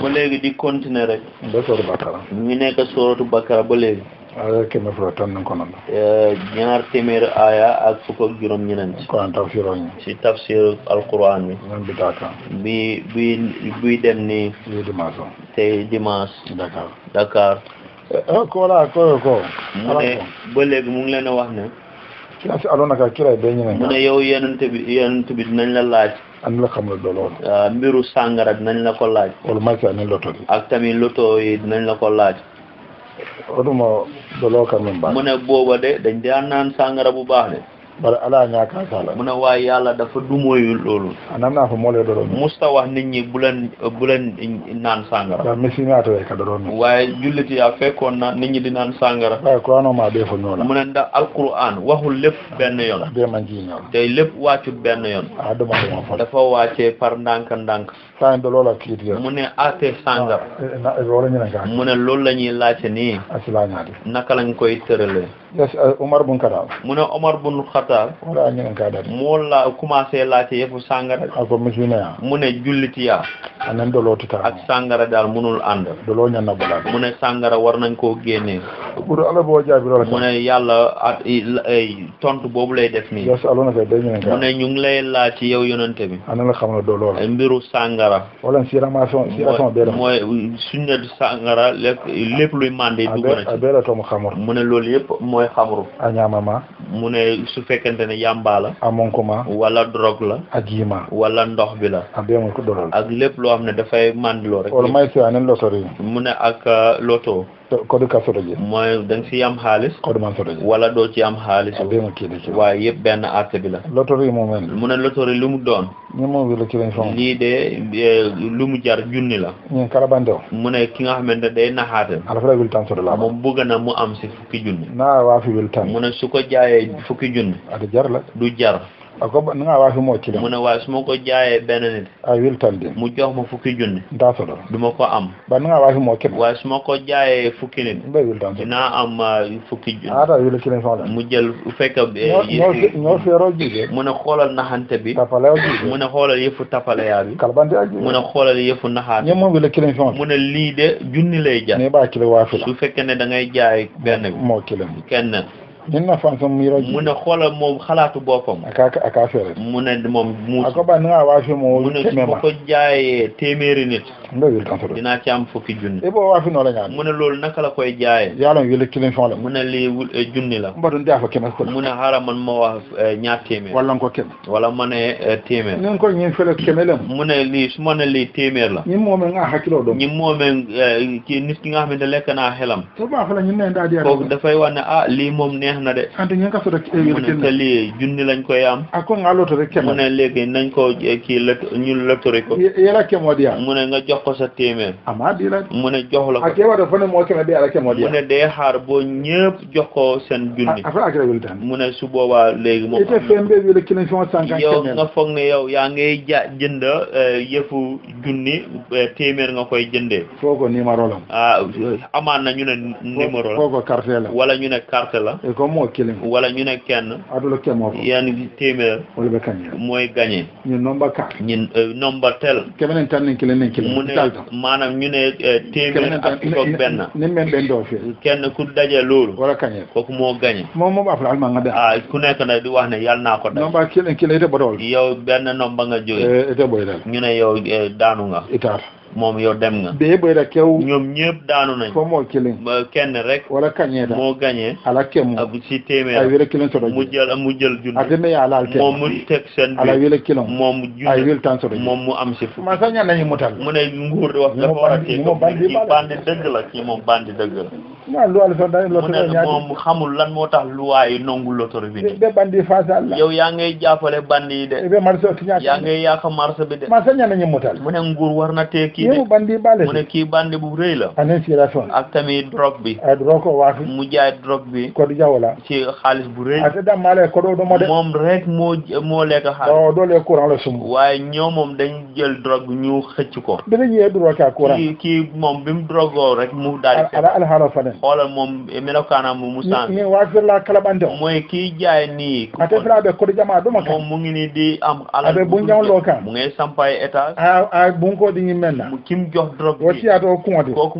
ba léegi di continuer rek. ba sóoru Bakara. ñu nekk sóoratu Bakara ba léegi. ala ah, ko eh, ñaar téeméer aaya ak fukk ak juróom-ñeent. kon tafsiroon tafsir alquran bi. ñoom bi daaka. bi bi bi dem ni. lii dimanche. Dakar eh, eh, mu ne ngi leen a wax ne. kii naa si àlloon na ka yow yéen a ngi tëbi dinañ la laaj. an la xam la dooloon waaw ah, mbiru sàngara dinañ la ko laaj wala marca nañ loto yi ak tamit loto yi dinañ ko laaj onuma doloo quand même de dañ daan naan bu baax de wala ala ñaa kaasala mu ne waaye yàlla dafa dumóoyu loolu anam naa fa moo lee doroon musta wax nit ñi bu leen bu leen naan sàngara da misi naatowe ka doroon waaye julliti yaa fekkoon na nit ñi di naan sangara waaye couran oma bee fa ñoo la mu ne ndax alqouran waxul lépp benn yoon déman ji ñoo la lépp wàccut benn yoon ah dama dama fa dafa wàccee par ndànk ndànk saan da loola kiiti mu ne aate sàngara eh, eh, eh, wala ñu ne mu ne loolu la ñuy laajte nii asi laa ñaati naka lañ koy tëralee Umar uh, bun Khattab mu ne Umar bun Khattab wala ñu la commencé laajte yëfu sangara ako musulmaya mu ne jullitiya anan doloo tita ak sangara daal munul ànd doloo ñan na bala mu ne sangara war nañ koo génnee pour ala boo jaabi loolu mu ne yàlla at tontu boobu lay def nii yasaluna fa day ñu mu ne ñu ngi lay yow yonente bi ana la xam na doloo mbiru sangara wala siramation siration lépp luy mandé dugg ne loolu yëpp mooy mooy a añaamama. mu ne su fekkente ne yamba la. amonkuma. wala drogue la. ak yima. wala ndox bi la. Ah, ak béykat ko lépp loo xam ne dafay mandiloo rek. wala may si waaye nañ loto mu ne ak euh, loto. kodu ka soto je mooy da si am xaalis kodu man soto je wala doo ci am xaalis ah, bima kiidi waaye yëpp benn atte bi la lotori moo mel mu ne lotori lu mu doon ñu moom wi la ci lañ eh, lu mu jar junni la ñun kalabandew mu ne ki nga xamante day naxaate alafara wil tan soto la moom bëgg na mu am si fukki junni naa waa fi wil tan mu ne su ko jaayee fukki junni ata jar la du jar ako ba nga waafi moo ci dem. mu ne waaye su ma ko jaayee benn nit. ay wiltan di. mu jox ma fukki junni. daa solo du ma ko am. ba nga waafi moo ci dem. waaye su ma ko jaayee fukki nit. mbay wiltan di am ah, fukki junni. ah daa wila ci lañ soxla. mu jël bu fekkee. Eh, ñoo ñoo seeroo jiite. mu ne xoolal naxante bi. tapalew jiite mu ne xoolal yëfu tapaleyaa bi. kalbante ak jiite mu xoolal yëfu naxaat. ñoom moom wila ci lañ soxla. lii de junni lay jar. ne baa ci la waafi la. su fekkee ne da jaay benn bi. moo ci lañ. kenn. min na fansa mu yɔrɔ mun na a ka a ka fɛɛrɛ. na ah, a ko dinaa ci am fukki junni. i b'o waa fi nɔ la na la koy jaayee. yàlla n wele kelen fɛn la. mun na lii eh, junni la. ba dɔn n na hara man ma waa eh, ñaar téeméer. wala n ko kɛmɛ. wala ma ne eh, téeméer. ni ko ɲin fɛlɛ kɛmɛ la. mun na lii suma na la. ñi mɔmɛ n ka hakiliw dɔn. ñi mɔmɛ nit ki nga xamante lekk naa xelam. soo baa fɛ la ñun ne daa di yàlla. kooku dafay ne ah, neex na de. ante ah, ngeen ka mu ne lii a ko nga loto rek mu ne ah, léegi nañ ko eh, kii lë ñu lëkkale ko. a kéemoo di mu ne nga ko sa téeméer. amaa di la mu ne jox la ko. Ah, a moo kéema bi ala kéemoo xaar boo ñëpp jox ko seen junni. a a mu ne su léegi moom. itam nga foog ne yow yaa ngay ja jënd eh, yëfu junni eh, téeméer nga koy jëndee. foo ko numéro la. na ñu ne numéro la. foo wala ñu ne carte la. mɔgɔ kelen wala ñu ne kenn adolo kɛ mɔgɔ yani téeméer wala bɛ kaɲɛ mooy gañe ñu nomba kan ñu euh, nomba tel kɛmɛnen tan ni kelen ni kelen mu ne maanaam ñu ne euh, téeméer ak fukk benn ni mɛn bɛn dɔw fɛ kenn ku daje loolu wala kaɲɛ kooku moo gañe moom moom b'a fila alima nga bɛn ah ku nekk na di wax ne yàlla naa ko daj nomba kelen kelen ite bɔdɔ yow benn nomba nga jóge eh, ite boy dal ñu ne yow euh, daanu nga itaar moom yow dem nga. bee booy la kew. ñoom ñëpp daanu nañ. fo moo kelen. kenn rek. wala kañe da moo gañe. ala kemu. ab si téeméer. ay wele kelen sɔrɔ ji. mu jël mu jël junne. a deme yaa ala alter. moom mu teg seen. ala wele kelen. moom mu junne ay wele tan sɔrɔ ji. moom mu am si fu. masa ña nañu mu tal. mu ne nguur wax dafa war a. mu ma bandi bandi dëgg la kii moom bandi dëgg la. waaw loi la dañ loto mu ne moom xamul lan moo tax loi yi nangu loto bi de. ba bandi fasal la. yaa ngay jàppale bandi yi de. ba marché oti ñaata yaa ngay yàq marché bi de. marché ñaan nañu motal. mu ne nguur war na tee kii de. yow bandi baale mu ne kii bandi bu rëy la. annonciation ak tamit drogue bi. ay drogue ko mu jaay drogue bi. code jaww la. ci xaalis bu rëy. ate daan maa lay dama de. moom rek moo moo lekk xaalis. waaw doole courant la sum. waaye ñoo moom dañ jël drogue ñu xëcc ko. dinañ yee drogue ak courant. kii kii moom bi mu drogue rek mu daal di. ala ala xoolal moom melokaanam mu musan ni wagirla kala ɓande o moye ki jaye ni a tefiraɓe koɗo jama ɗuma ka mom mugini di am ala aɓe bun jawlo ka muge sampa e ah, ah, di a a bunkoɗi ñimmenna mu jox drogue o tiyata o kuŋode kooku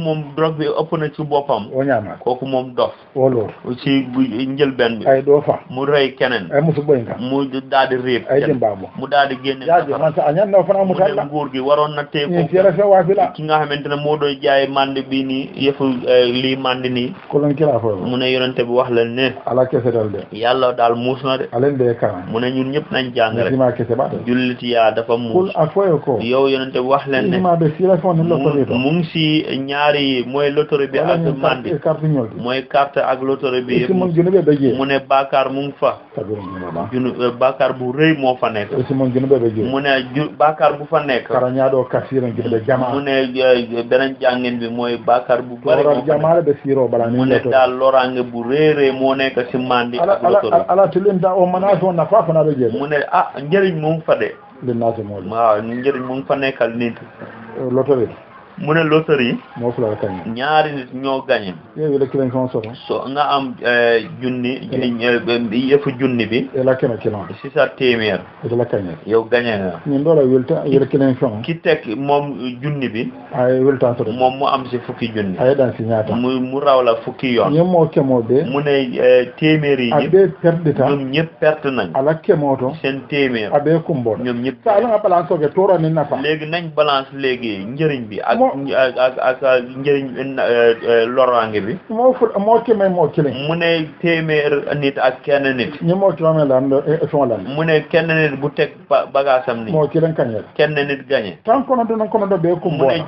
bi ëpp na ci boppam o ñama kooku moom dof wolo ci njël benn bi ay ɗo mu rey keneen ay musu ɓoy ka mu daal di réeb ay mu daal di génne yaaji man sa a ñannoo fana mutalla nguur gi na teeko fiera fe waafila ki nga xamante ne moo doon jaay mande bi ni yëfu eh, li mande daldi nii kolon kila a mu ne yonente bi wax leen ne ala kese dal de yàlla daal muus na de alen de kan mu ne ñun ñëpp nañ jàng rek yaa dafa muus a foyo ko yow yonente bi wax leen ne ma be si la fon lotori mu ngi si ñaari mooy lotori bi ak man bi mooy carte ak lotori bi mu ne Bakar mu ngi fa junu euh, bu rëy moo fa nekk mu ne ju Bakar bu fa nekk mu ne euh, beneen jàngin bi mooy Bakar bu bari moo fa nekk yiro bala ni ne dal lorange bu reere mo nekk ci mandi ala ala ala tilen da o mana so na fa fana be mu ne ah njëriñ mo fa de dina se mo ma njëriñ mo fa nekkal nit lotori mu ne loterie. moo fi la gagné ñaari nit ñoo gagné. yooyu la keneen sama soxla. so nga am eh, junni. Eh, yëfu junni bi. et la keneen ci si sa téeméer. et la gagné. yow gagné nga. ñun loolu la welta yële keneen sama. ki teg moom junni bi. ay welta sori. moom mu am si fukki junni. ay daan si ñaata. mu mu raw la fukki yoon. ñoom moo kemoo bee. mu ne eh, téeméer yi. ñëpp a bee perte de nañ. ala kemoo to. seen téeméer. a bee kumboon. ñoom ñëpp. saa la nga balance soogee toora ni nafa. léegi nañ balance léegi njëriñ bi moo ak ak njëriñ loraange bi moo ful moo kime moo kiliŋ mu ne téeméer nit ak kenn nit ñi moo kilome lan fon lan mu ne kenn bu teg bagasam ni moo kiliŋ kañel kenn nit gañe tan kono dina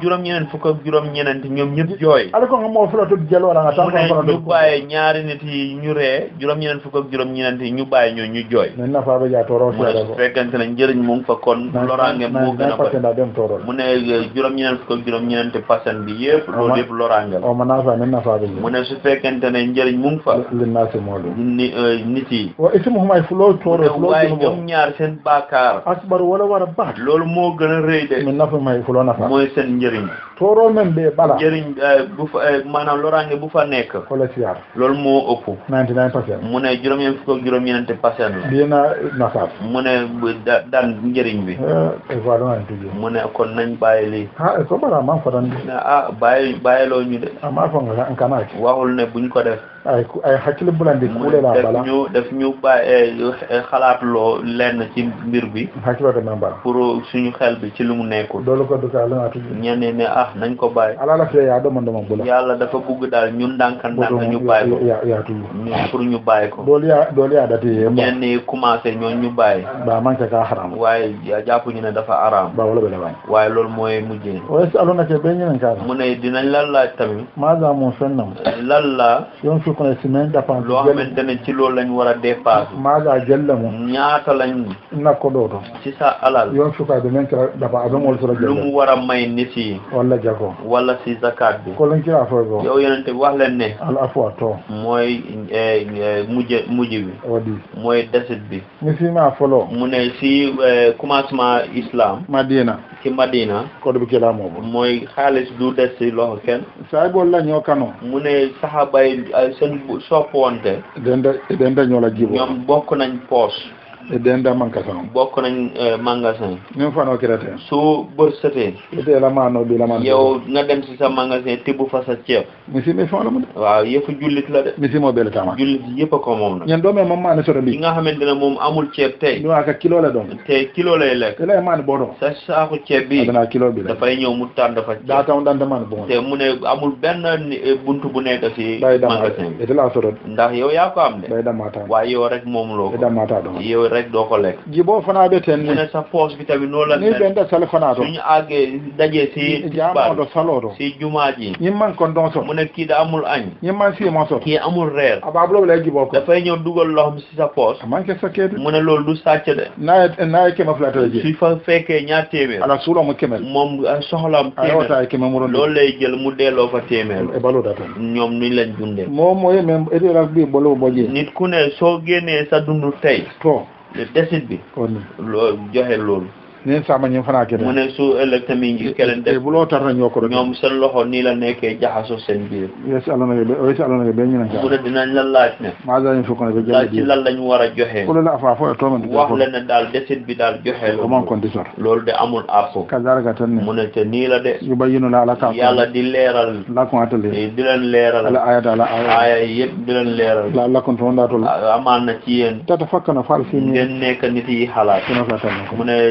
juróom ñeneen fukk ak juróom ñeneen ñoom ñëpp jooy ala ko nga moo fula tud jëloora nga tan kono kono du bàyyi ñaari nit yi ñu ree juróom ñeneen fukk ak juróom ñeneen ñu bàyyi ñoo ñu jooy ne nafa ba jaa tooroo mu fekkante ne njëriñ mu ngi fa kon loraange a fa juróom ñeneen fukk ak juróom ñeenti façon bi yëpp. loolu yëpp loraange la. manaafa min nafaabihi. mu ne su fekkente ne njëriñ mu fa. li naasi moo doon. ni euh, nit yi. waaw ismuhum ay fuloo tooro. fuloo waaye ñoom ñaar seen baakaar. asbar wala war a a rëy de. bala. njëriñ euh, bu fa euh, maanaam loraange bu fa nekk. wala siyaar. loolu moo ëpp. 99% mu ne juróom-ñeent fukk ak juróom-ñeenti façon la. lii naa nafaat. mu ne daan njëriñ bi. voilà mu ne kon nañ bàyyi lii. ah an fadandi ah bàyyi bàyyiloo ñu de ama ah, fanga an kana waxul ne buñ ko def ay ay xàcc bu kuule laa bala daf ñu daf ñu bàyyi eh, xalaatloo ci mbir bi. xàcc ba gën bala. pour suñu xel bi ci lu mu nekkul. loolu ko du ko alaatu. ñeneen ne ah nañ ko bàyyi. alaala fee yaa dama dama bu la. yàlla dafa bugg daal ñun ndànka ñu bàyyi ko. yaa pour ñu bàyyi ko. doolu yaa doolu yaa commencé ñoon ñu bàyyi. ba man ca kaa xaraam. waaye ñu ne dafa araam. ba wala bële loolu mooy mujjee. waaye si allo nag bee ñu ne. mu ne dinañ lan laaj si semaine dapan loo xamante ne ci loolu lañ war a dépassé maaga jella mum ñaata lañ nakko ɗo to si sa alal yon sukaaɓe men kira dafa aɗomol sora lu mu war a may nisi walla jago walla si zakat bi ko lañ kira foy go yow yonente wax leen ne al afwa to mooy eh, eh, mujj mujj bi waɗi mooy desit bi mi sima folo mu ne si eh, commencement islam madina Madina. code bi ci moomu mooy xaalis du des ci loxo kenn. saa bool la ñoo kanoo. mu ne saxaabay seen soppuwante. denda denda ñoo la jiboo. ñoom bokk nañ poos e denda magasin bokk nañ eh, magasin min fanoo kirate so bërsatee ite e lamaanoo bi lamaan sa magasin tibb fa sa ceeb misi mi fon la mu de waaw yëfu jullit la de misi moo bele tama jullit yëpp a ko bi nga xamante ne moom amul ceeb tey ñu la doon te kilo lay lekk lay maa sa saaku ceeb bi danaa kilo bi la dafay ñëw mu tar dafa daa taw dante maa ne bon te mu ne amul benn eh, bunt bu nekk si magasin bi ite e laa soto ndax yow yaa ko am de day damaata waaye yow rek moom loo ko damaata doon yow jël doo ko lekk. ji boo fanaa be ten ni. mu ne sa poche bi tamit noonu la. ni benn sali fanaa doon. suñu àggee daje si. jaamaa saloo doon. si jumaa ji. ñi man kon doon so. mu kii da amul añ. ma so. kii amul reer. a baa boo ko. dafay ñëw dugal loxoom si sa poche. a man ke du sàcc de. naa naa ye keme fa fekkee ñaar téeméer. ala suula mu kemel. moom ah, soxlaam téeméer. aywa taa ye keme mu doon loolu lay jël mu delloo fa téeméer. E baloo daa ñoom nuñ leen dundee. moom mooy même état bi boloo bojjee. nit ku ne soo génnee sa dundu tey. desit bi loolu joxe loolu neen sama ñim fana kete mu ne su ëllëg tamit ngi kelen def bu lo tar na ñoko rek ñom seen loxo ni la nekké jaxaso seen biir yes allah na be yes allah na be ñu nañ mu ne dinañ la laaj ne ma dañu fukk na be jël ci lan lañ wara joxé ko la afa fo to man wax la na dal desit bi dal joxé lo man kon di sor lolu de amul apo ka dara ga tan mu ne te ni la de yu bayinu la la ka yalla di leral la ko atale di len leral la aya dala aya yeb di len leral la la kon ton datul aman na ci yeen tata fakana fal fi ni den nekk nit yi xalaat mu ne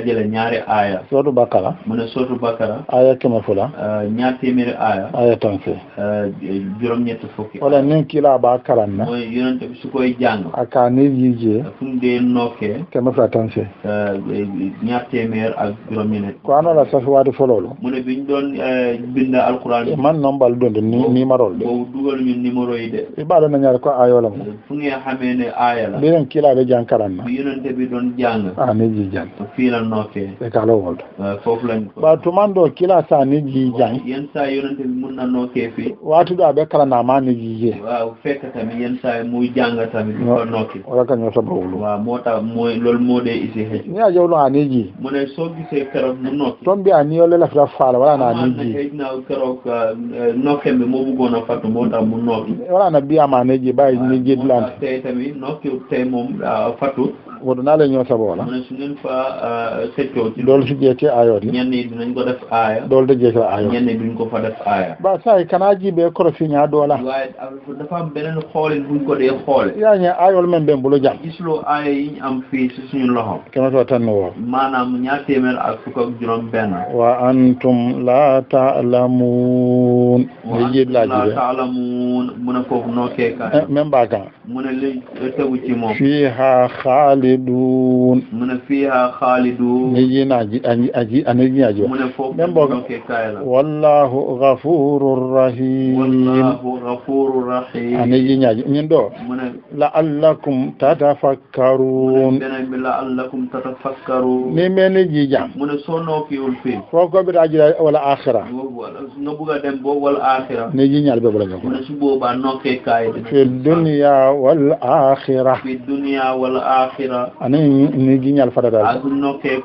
dajale ñaari aaya sootu Bakara mu ne sootu Bakara aaya keme fula ñaar uh, téeméeri aaya aaya tonse uh, juróom ñett fukki wala nin kiila ba karanna mooy yonente bi su koy jàng aka nir yijee uh, fu mu dee nokkee keme fula ñaar téeméer ak juróom ñett ko anola safiwaati fololu mu ne biñ doon binda alquran man nombal donde ni numéro de boobu dugal ñu numéro yi de i baaɗo nañaade ko aayola mo fu ngeen xamee ne aaya la mbiren kiilaaɓe jàng karanna yonente bi doon jàng a ah, nir ji jàng fiilan Uh, okay. e ka lowol fof lañ ɓa tumanɗo kila sa ni jiijan yen sa yonente mun nanno keefi watuɗo aɓe kala namani jiije waw fekkatami yen sa muy jangatami ɗonnoke ola kaño soba wulu wa mota moy lol moɗe isi hej ni a jewlo ani jii mone sogise kero nunnoke toon mbiya ni yolle lafita faala wala na ni jii hejna kero nokkemɓe moɓugono ne jii ɓa xëccoo ci loolu si jeete ayoon ni ñenn ko def aaya da jeete ayoon ko fa ba say kana jibe koro fiña doola waaye dafa am beneen ko dee xoole yaa ñe ayol men ben bulo jam gisuloo aaya yi ñu am fii si suñu loxo kene to tan woo maanaam ñaar téeméer ak fukk wa antum la ta'lamun mu ne foofu noo keeka eh, même baakan mu ne li نجينا أجي أنجي أجو والله غفور رحيم والله غفور رحيم أنجي أجو نندو لعلكم تتفكرون لعلكم تتفكرون نمين جيجام من سونو في الفيل فوق بالأجل ولا آخرة نبغى دمبو ولا آخرة نجي نعلب ولا نجو من سبوبا نوكي كايد في الدنيا والآخرة في الدنيا والآخرة أنا نجي نعلب فدا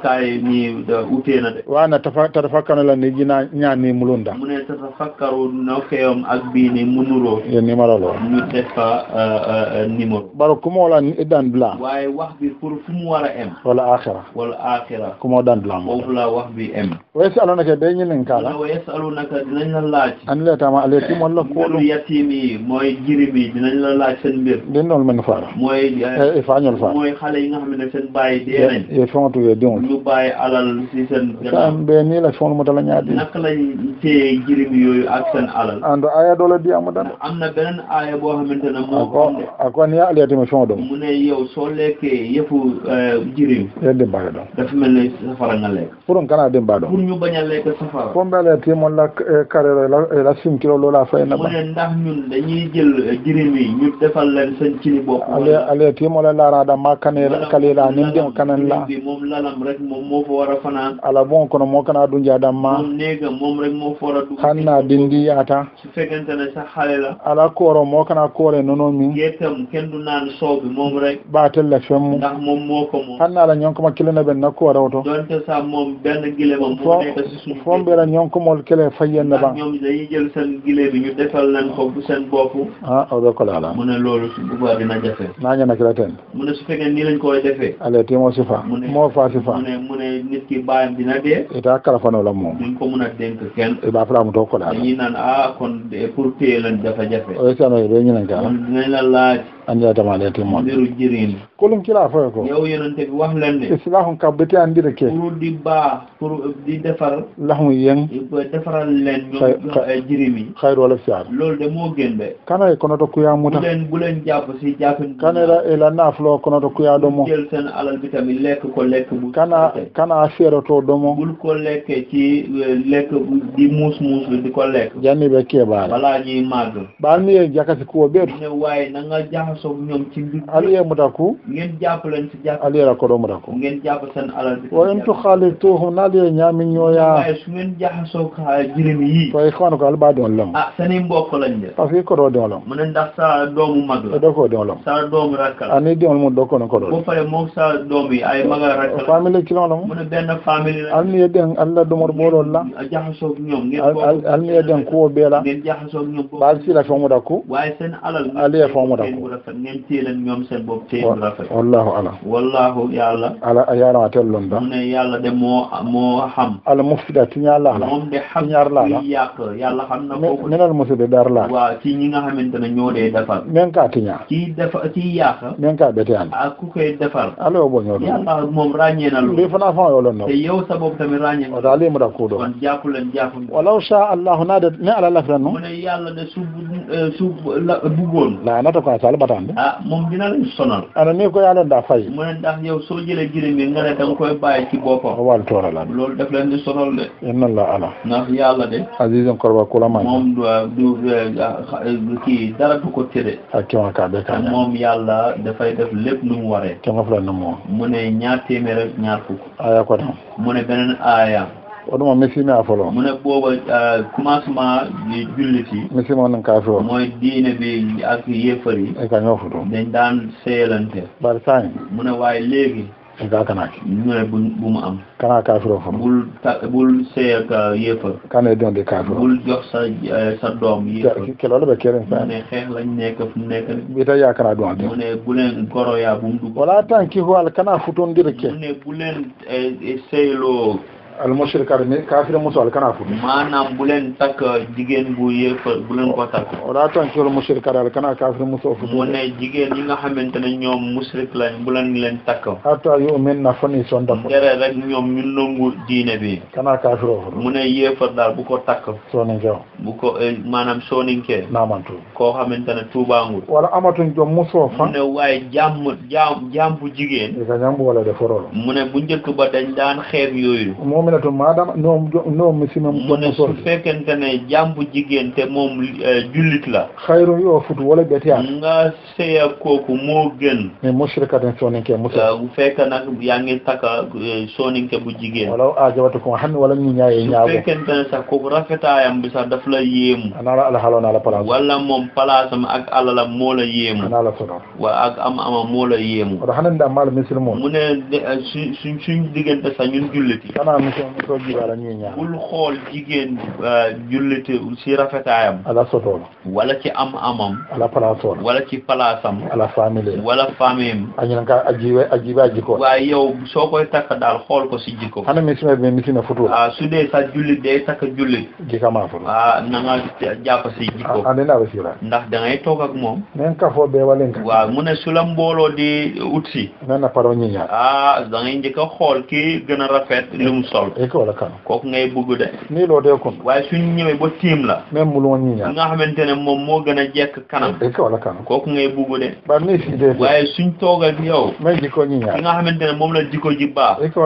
kay ni da utena de wa na tafakkaru la ni jina ni mulunda mune tafakkaru no kayom ak bi ni munuro ye ni maralo ni tefa uh, uh, uh, numero baro la ni dan bla way wax bi pour fu mu wara em wala akhira wala akhira kuma dan bla mo la wax bi em way salonaka be ni len kala way naka dinañ la laaj an la tama alati la ko lu yatimi moy bi dinañ la laaj sen mbir dinol men faara moy eh, eh, fañol faara moy xale yi nga xamne sen baye de nañ e fontu ye donc yóbbaale alal ci seen. kan bee nii la fóon mu dala ñaari. naka lañ téye jirim yooyu ak seen alal. an do aya dole di ko eh, a lekk safara. fo mbaa la téye eh, la carré la la sim kilo loola fay na ba. mu ne ndax ñun dañuy jël eh, jirim yi ñu la laara da ma kanee la kalee la ni mu dem rek moom moo fa war a fanaan ala bon kono moo kana du jaadam ma moom néega moom rek moo fa war a dugg hanna dindi yaata su fekkente ne sa xale la ala kooro moo kana kooree nono mi. yekkam kenn du naan bi moom rek baatel la fem ndax moom moo ko moom hanna la ko ma kilena ben na koore woto donte sa moom benn gile ma moo nekk si suñu fom bera ko mol kele fayen na ba ñoom dañuy jël seen gile bi ñu defal lan ko bu seen bopp ah o do ko la la mu ne loolu su bu baax dina jafe naa ñana la ten mu ne su fekkee nii lañ ko defee ale ti moo si fa moo faa si fa ne mu ne nit ki baayam dina dee. daa kalafano la moom. duñ ko mun a dénk kenn. ko daal. dañuy naan ah kon pour téye lan jafe-jafe. o ye sànni yooyu dinañ la laaj. andira damaɗe to moon mbiru jirini kolum kila foye ko yew yonente bi wax lande islahum kam beti andira ke pour di baa pour di defar lahum yen defaral konoto kuya muta leen si jàppin kana la e la naafuloo konoto kuya ɗomo jël seen alal ko lekk bu kana kana feeroto ɗomo bul ko lekke ci euh, lekk di muus muus di ko lekk janni ɓe keeɓaala wala ñuy mi e jakasi kuwo ɓeeɗo jaxasoo ñoom ci mbir. allié mu ngeen jàpp leen jàpp. allié la ko doon mu ngeen jàpp seen alal bi. waaye ntu xaali tuuxu n'allié ñaami ñooyaa. waaye su ngeen jirim yi. ko lam. ah mbokk lañ de. parce que ko lam. ndax sa mag la. ko lam. sa ani ah, mu ko ko bu sa yi ay mag a rakkal. famille kilon la mu. mu la. al ni ye den ala dumor booloo la. jaxasoo ñoom ngeen. al ni den la alal. rafet ngeen téye ñoom seen bopp téye bu rafet. wallaahu ala. wallaahu yàlla. ala yàlla telloon mu ne yàlla de moo moo xam. ala mufsida ci ñaar laa la. moom de xam ci na ko. menal musiba dar laa. waaw ci ñi nga ne ñoo dee defar. men kaa ci ñaar. ci defar ci yàq. men kaa bete ànd. ak ku koy defar. ala yoo boñoo doon. yàlla moom ràññee na lu. lii fanaa fan yoo doon te yow sa bopp tamit ràññee na. daal lii de ne ala la fi mu ne yàlla de su euh, su ko asal bata sànni. ah moom dina leen sonal. ana ni ko yàlla daa fay. mu ne ndax yow soo jëlee jërëm yi nga ne danga koy bàyyi ci boppam. wàllu toora la lool def leen di sonal de. inna la ala. ndax yàlla de. Aziz Nkorba Kulama. moom du du kii du ko tere. ak kéema kaa bee kaa moom yàlla dafay def lépp nu mu waree. kéema fila nu mu. mu ne ñaar téeméer ak ñaar fukk. ko tam. mu ne beneen aya. wonuma misima folo mu ne booba euh, commencement di jullit yi misima nan ka fo mooy diine bi ak yéefar yi e ka dañ daan seelante bari saani mu waaye léegi e ka kanaaki mu ne bu bu mu am kana kaafiro fo bul bul seey ak euh, yéefar kana e donde kaafiro bul jox sa euh, doom yéefar keloole ɓe sa mu ne xeex lañ nekk fu mu nekk ɓita yaa kana duwa de mu ne bu leen goroyaa bu mu dugg wala tan ki hoal kana futondiri ke mu ne al mushrikaat mi kaafir muso al kana futu maanaam bu leen takk jigéen bu yéefar bu leen ko takk wala tankihul mushrikaat al kana kaafir muso futu mu ne jigéen ñi nga xamante ne ñoom mushrik lañ bu leen leen takk hatta yu'minna fani son dam dere rek ñoom ñu nangu diine bi kana kaafir futu mu ne yéefar daal bu ko takk sooninke bu ko eh, maanaam sooninke naamantu koo xamante ne tuubaangul wala amatuñ jom muso fa mu ne waaye jàmm jaam jaam bu jigéen bu wala deforool mu ne bu njëkk ba dañ daan xeeb yooyu mu'minatun maadama noom noom misima mu ne su fekkente ne jàmbu jigéen te moom euh, jullit la xayrun yoo futu wala betiyaat nga seya kooku moo gën mais mushrikatin sooninke musa bu fekk nag yaa ngi taka euh, bu jigéen wala ajabatu ko xam ne wala ñu ñaaye ñaaw su fekkente ne sax kooku rafetaayam bi sax daf la yéemu anaa la alxaloo naa la place wala moom palaasam ak alalam moo la yéemu anaa la sonal ak am ama moo la yéemu wala xanaa ndax maal misil moom mu ne suñ suñ diggante sax ñun julliti soo a ñuy ñaar bul xool jigéen euh, jullit ci rafetaayam ala sotola wala ci am amam ala palaasol wala ci palaasam ala famille wala famille a ñinan ka ajiwe a jikoo waaye yow soo koy takk daal xool ko si jikko ana misime be misina a ah, su dee sa jullit day takk jullit jikamaa futu a ah, na nga jàpp ah, si jikko andi naa be siira ndax da ngay toog ak moom nen ka foo bee walen ka waaw mu ne su la mbooloo di utsi nen na paro ñi ñaar a a xool kii a rafet li mu loolu. e ko wala kan. kooku ngay bugg de. nii loo dee kon. waaye suñ ñëwee ba tiim la. même mu loo ñii ñaar nga xamante ne moom a jekk kanam. e ko wala kan. kooku ngay ba nii si dee. waaye suñ toog ak yow. mais jikko ñii ñaar nga xamante ne moom la jikko ji baax. e ko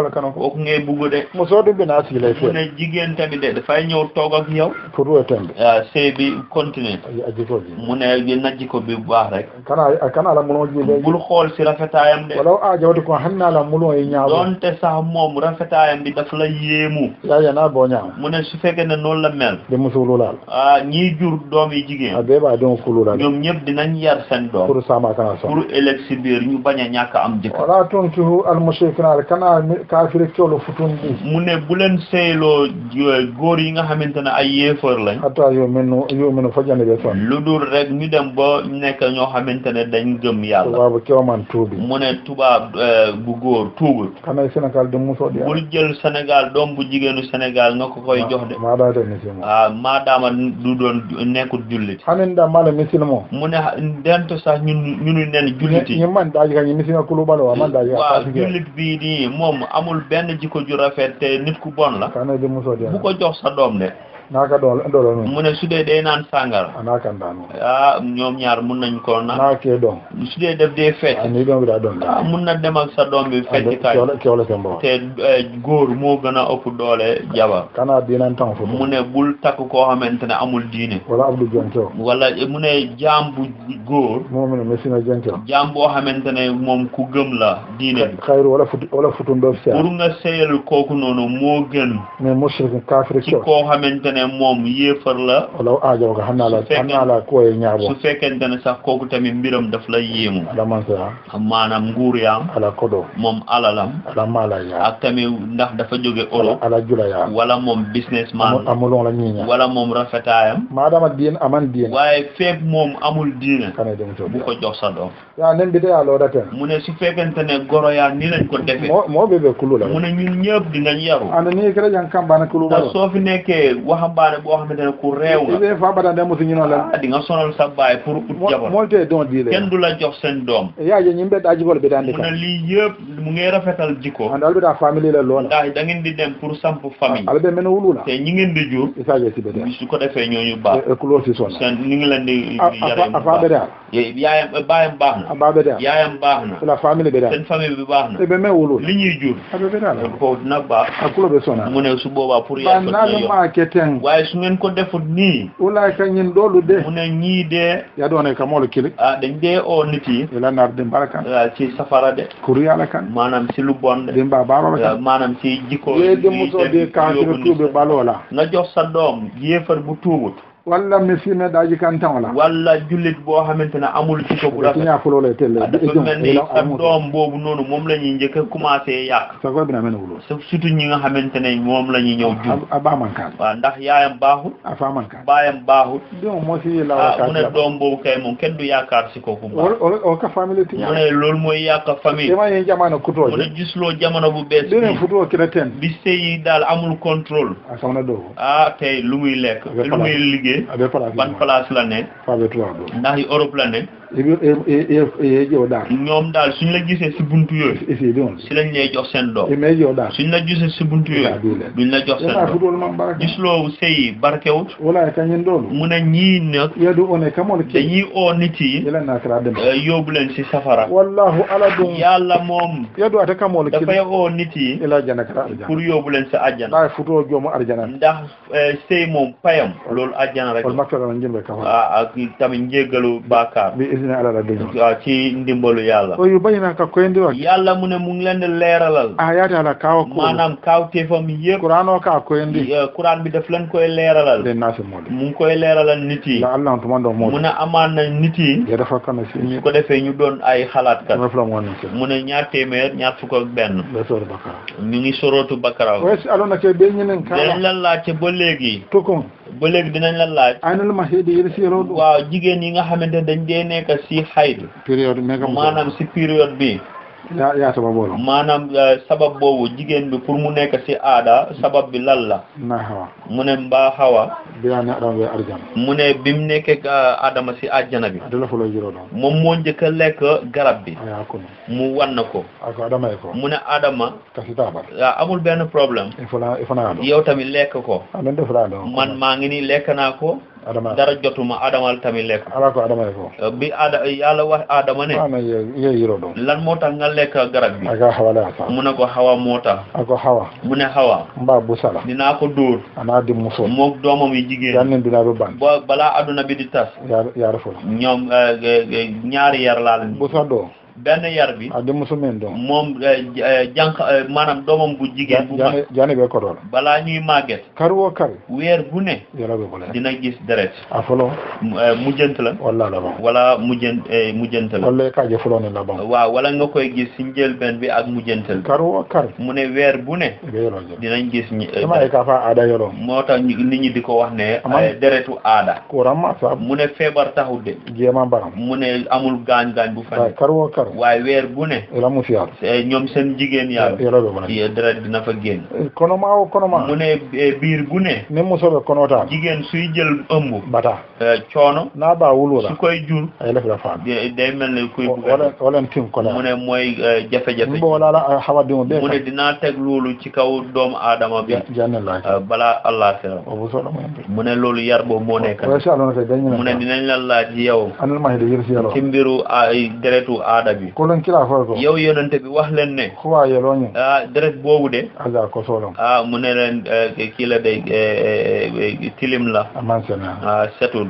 wala sax moom rafetaayam bi daf la yéemu. yaa yaa naa boo ñaaw. mu ne su fekkee ne noonu la mel. di musulu laal. ah ñii jur doom yi jigéen. ah bee baa denw kulu la. ñoom dinañ yar seen doom. pour sama kana soxla. pour ëllëg si biir ñu bañ a ñàkk am jëkkër. voilà tontu almushrikina kana kaafiri coolu futun bi. mu ne bu leen seeloo euh, góor yi nga xamante ne ay yéefar lañ. hatta yu mel nu yu mel nu fa jënd bee sonn. lu dul rek ñu dem ba nekk ñoo xamante ne dañ gëm yàlla. tubaabu kéemaan tuubi. mu ne tubaab euh, bu góor tuubul. kana Sénégal di musoo di. bul jël Sénégal Sénégal doom bu jigéenu Sénégal nga ko koy jox de. maadaama tey waaw maadaama du doon nekkul jullit. hanin da maale mu ne dent sax ñun ñunu nen julliti. ñu man daal di ka ñu musulman kulubali wa man daal di. bi jullit bii nii moom amul benn jikko ju rafet te nit ku bon la. bu ko jox sa doom de. naaka doole doole noonu. mu ne su dee day naan sangara. ah naaka daanu. ah ñoom ñaar mun nañ koo naan. naakee doon. su dee def dee fecc. ah doom bi daa doon daal. ah mun na dem ak sa doom bi. fecc kaay te eh, góor moo gën a ëpp doole jabar. kana diineen temps foofu. mu ne bul takk koo xamante ne amul diine. wala abdu jonto. wala mu ne jaam bu góor. moom ne messina jonto. jaam boo xamante ne moom ku gëm la diine. xayru wala fut wala futu ndof. kooku noonu moo gën. mais mushrik kaafir ci koo xamante ne ne mom yéefar la. law aajo nga xamna la xamna la koo ye ñaar su fekkente ne sax koku tamit mbiram daf la yéemu. alamansara. maanaam nguur yaam. ala kodo. mom alalam. ala mala ya ak tamit ndax dafa jóge olo. ala jula ya wala mom businessman amul amul la ñi wala mom rafetayam rafetaayam. maadama diin aman diin. waye fek mom amul diin dem kan bu ko jox sa do ya nem bi de yaa loola ten. mu ne su fekkente ne goro ya ni lañ ko defee. mo moo bébé kulu mu ne ñun ñëpp nañ yaru. ana ni kere jan kamba na kulula so fi nekké waxam waxambaane boo xamante ne ku réew la. il est fabata dem musu ñu noonu la. Ah, di nga sonal sa baay pour ut jabar. mooy tey don kenn du la jox seen doom. yaa ngi ñu mbedd ajibol bi daan di. mu la lool. ndax dem pour samp famille. albi mel na wulu la. te ñi ngeen di jur. isaajee si bëri. su ko defee ñooñu baax. kulóor si sonn. seen ñu ngi leen di. mu baax yaayam baayam baax na. daal yaayam baax na. la famille bi daal seen famille bi daal la. kooku dina baax. ak kulóor bi sonn. mu ne su boobaa pour yaa. sot waaye su ngeen ko defut nii ulaayka ñin doolu de mu ne ñii dee yadoone ka moolu kili ah dañ dee oo nit yi la naar dimbala kan ah, ci safara de kuru yàlla kan maanaam si lu bon de dimba baaroola kan ah, maanaam si jikko yee demusoo dee kaafira tuube baloola nga jox sa doom yéefar bu tuubut walla mi fiime ɗaji kan tan wala walla jullit boo xamante ne amul siko bu rafet ñafulole telle ɗum mel doom boobu noonu moom la ñuy njëkk a commencé yàq sagoy bina men wulo a ñi nga xamante ne moom la ñuy ñëw jur a bamankaan ndax yaayam baaxul a famankaan baayam baaxul donc moo si laa ah, mu doom boobu kay moom kenn du yaakaar si kooku o ka famille ti mu ne loolu mooy yàq famille dama yeen jamono kutooje mu ne gisloo jamono bu bees dene bi sëy daal amul contrôle a soxna doo ah tey lu muy lekk lu muy liggéey ban place la ne. Fabé 3 ndax Europe la ne. ñoom daal suñ la gisee si buntu yooyu. si lañ lay jox seen doom. suñ la gisee si buntu yooyu. duñ la jox seen doom. gisuloo sey barkewut. mu ne ñii nag. dañuy oo nit yi. Eh, yóbbu leen si safara. yàlla moom. dafay oo nit yi. pour yóbbu leen si àjjana. ndax eh, sey moom payam. loolu àjjana rek. ah ak tamit njéggalu baakaar. izini ala la dégg. waaw ah, ci ndimbalu yàlla. o yu bañ na ka koy ndiwa. yàlla mu ne mu ngi leen leeralal. ah yaa ta la kaaw ko. maanaam kaaw teefam yëpp. kuran eh, bi daf leen koy leeralal. den koy leeralal nit la allah tuma dɔn moo di. mun a amaan na nit yi. ya dafa kan si. su ko defee ñu doon ay xalaat kat. dama fila mu wane mu ne ñaar téeméer ñaar fukk ak benn. ba sori bakara. ñu ngi sorootu bakara. weesu alors nag la laajte ba léegi. tukun. ba léegi dinañ la laaj. waaw jigéen yi nga xamante dañ dee nekk nekk si xaydu période maanaam si période bi yaa yaa sababoolu maanaam euh, sabab boobu jigéen bi pour mu nekk si aada sabab bi lan la mu ne mbaa xawa biyaane adama bi arjana mu ne bi mu nekkee euh, adama si ajjana bi moom moo njëkk a lekk garab bi ah, mu wan na ko ah, mu ne adama waaw amul benn problème yow tamit lekk ko ah, man maa ngi nii lekk naa ko adama dara jotuma adama tamit lekk. ala ko adama lekk euh, bi ada yàlla wax adama ne. lan moo tax nga lekk garab bi. ak a mu ne ko xawa moo tax. ak ko xawa. mu ne xawa. mbaa bu sala. dinaa ko dóor. anaa di muso. moog doomam yi jigéen. yaa ne dinaa ba ban. balaa aduna bi di tas. yaa yaa ñoom euh, euh, ñaari yar laa leen. bu benn yar bi a denmuso min dɔn moom eh, eh, jànq eh, maanaam doomam bu jigéen bu mag jaani bɛ kɔrɔ la balaa ñuy màgget kari kar weer bu ne yara bɛ dina gis deret a fɔlɔ mujjant la wala laban wala mujjant mujjant la wala k'a jɛ fɔlɔ ni laban waaw wala nga koy gis si njëlbeen bi ak mujjant la kari o mu ne weer bu ne dinañ gis ima ye k'a fɔ aada yɔrɔ moo nit ñi di ko wax ne deretu aada koorama sa mu ne feebar taxul de jéema baram mu ne amul gaañ-gaañ bu fan kari sar waaye weer bu ne la mu si yaar eh, ñoom seen jigéen yaar eh, yo dara dina fa génn eh, konoma o konoma mu ne biir gu ne ni musoɓe konota jigéen suy jël ëmb bata coono naa ba wulwula su koy jur ay lef la faam day mel ne kuy bugg walen tim kone mu ne mooy jafe-jafe bo laala hawadimo ɓe mu ne dinaa teg loolu ci kaw doomu aadama bi janne o busoɗo mu ne loolu yar boobu laaj yow anil mahide yërsi yalo ci mbiru ay deretu aada bi kolon kila farko yow yonente bi wax leen ne kuwa yeloñe ah deret boobu de ala ko solon ah, mu ne leen eh, kii la day eh, eh, tilim la amansena ah, ah setul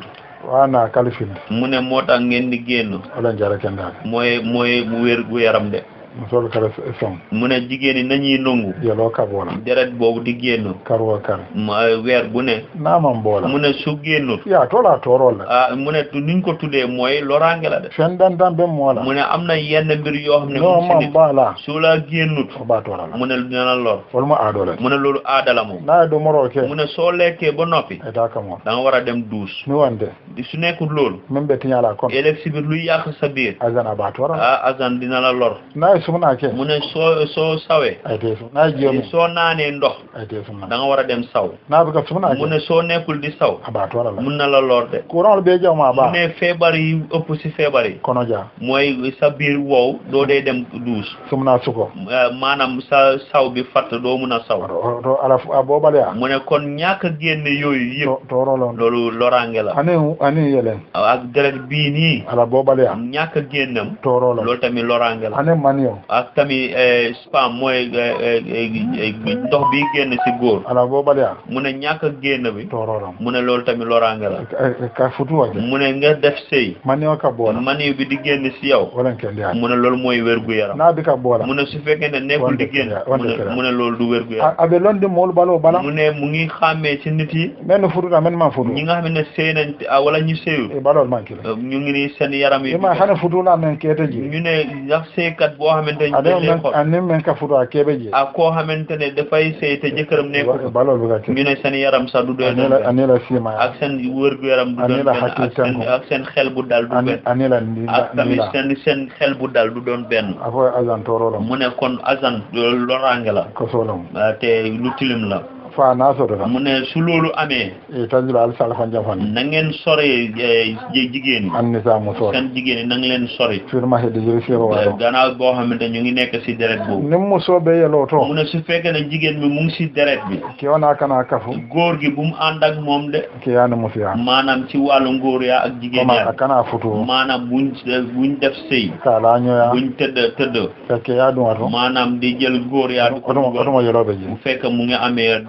waana kalifin mu ne moo tax ngeen di génn wala njara kendaal mooy mooy mu yaram de musol kala sɔn. mu ne jigéen ñi nañuy nangu. yaloo ka bɔ deret boobu di génn. kari o kari. ma weer bu ne. n'a a bɔ la. mu ne su génnul. yaa tɔ la a la. ah mu ne ni ko tuddee mooy loraange la de. fɛn dantan bɛ mɔ la. mu am na yenn mbir yoo xam ne. non man b'a la. su la génnul. o b'a tɔɔrɔ la. mu ne dina lor. walima aadɔ la. mu ne loolu aada la moom. n'a ye domoroo kɛ. mu ne soo lekkee ba noppi. a t'a kama. da nga war a dem douche. ni wan tɛ. su nekkul loolu. min bɛ tiɲɛ la kɔnɔ. élexibi lu yàq sa biir. a b'a tɔɔrɔ. Ah, dina la lor. e sumunake mu ne soo soo sawee ayte sumnaa jiyomi soo naanee ndox ayte sumna da nga war a dem saw naabi kam sumunake mu ne soo nekkul di saw a baatoorala mun na la lor de courant bee jawmaa baa mu ne feebar yi ëpp si feebar yi kono dia mooy sa biir wow doo dee dem douche sumnaa suko eh, maanaam sa saw bi fatt doo mun a saw to ala boobaleya mu ne kon ñàkk a génn yooyu yëpp toorolon loolu loraange la ani ani yeleen ak deret bii nii a génnam toorolo loolu tamit loraange la ak tamit eh, spam mooy eh, eh, ndox bi génn si góor. ala boobaliya. mu ne ñàkk a génn bi. tooróoram mu ne loolu tamit loraange la. ka futu wa mu ne nga def sëy. man yoo ka boora. man bi di génn si yow. wala nga mu ne loolu mooy wérgu yaram. naa bi ka boora. mu ne su fekkee ne nekkul di génn. mu ne mu ne loolu du wérgu yaram. a a bɛ lënd mool baloo bala. mu ne mu ngi xàmmee ci nit yi. mel ni futu la mel ma futu. ñi nga xam ne sëy nañ wala ñu sëyul. balool man kii la. xamante ne dañ anen men ka futu a keɓe je a koo xamante ne dafay seyte jëkkëram nekk balol bi ka ñu ne seen yaram sax du doon benn anila sima ak seen wërgu yaram du doon benn ak seen xel bu dal du benn anila ak seen xel bu dal du doon benn a fo azan tororo mu ne kon azan loraange la kosolam te lu tilim la fa naa sori sax. mu ne su loolu amee. E, tajul al salfan jafan. na ngeen sori e, jigéen ñi. am na saa mu sori. kan jigéen ñi na ngeen sori. firma xëy na jërëjëf waaw. gannaaw boo xamante ñu ngi nekk si deret boobu. ni mu soobee yelloo too. mu ne su fekkee ne jigéen bi mu ngi si deret bi. kii woon naa kafu. góor gi bu mu ànd ak moom de. kii yaa ni mu fi maanaam ci wàllu ngóor yaa ak. jigéen ñaar comme kanaa futu. maanaam buñ buñ def sëy. kaalaa ñëwaat buñ maanaam di jël góor yaa. du ko du ma yelloo ba ji. mu ngi amee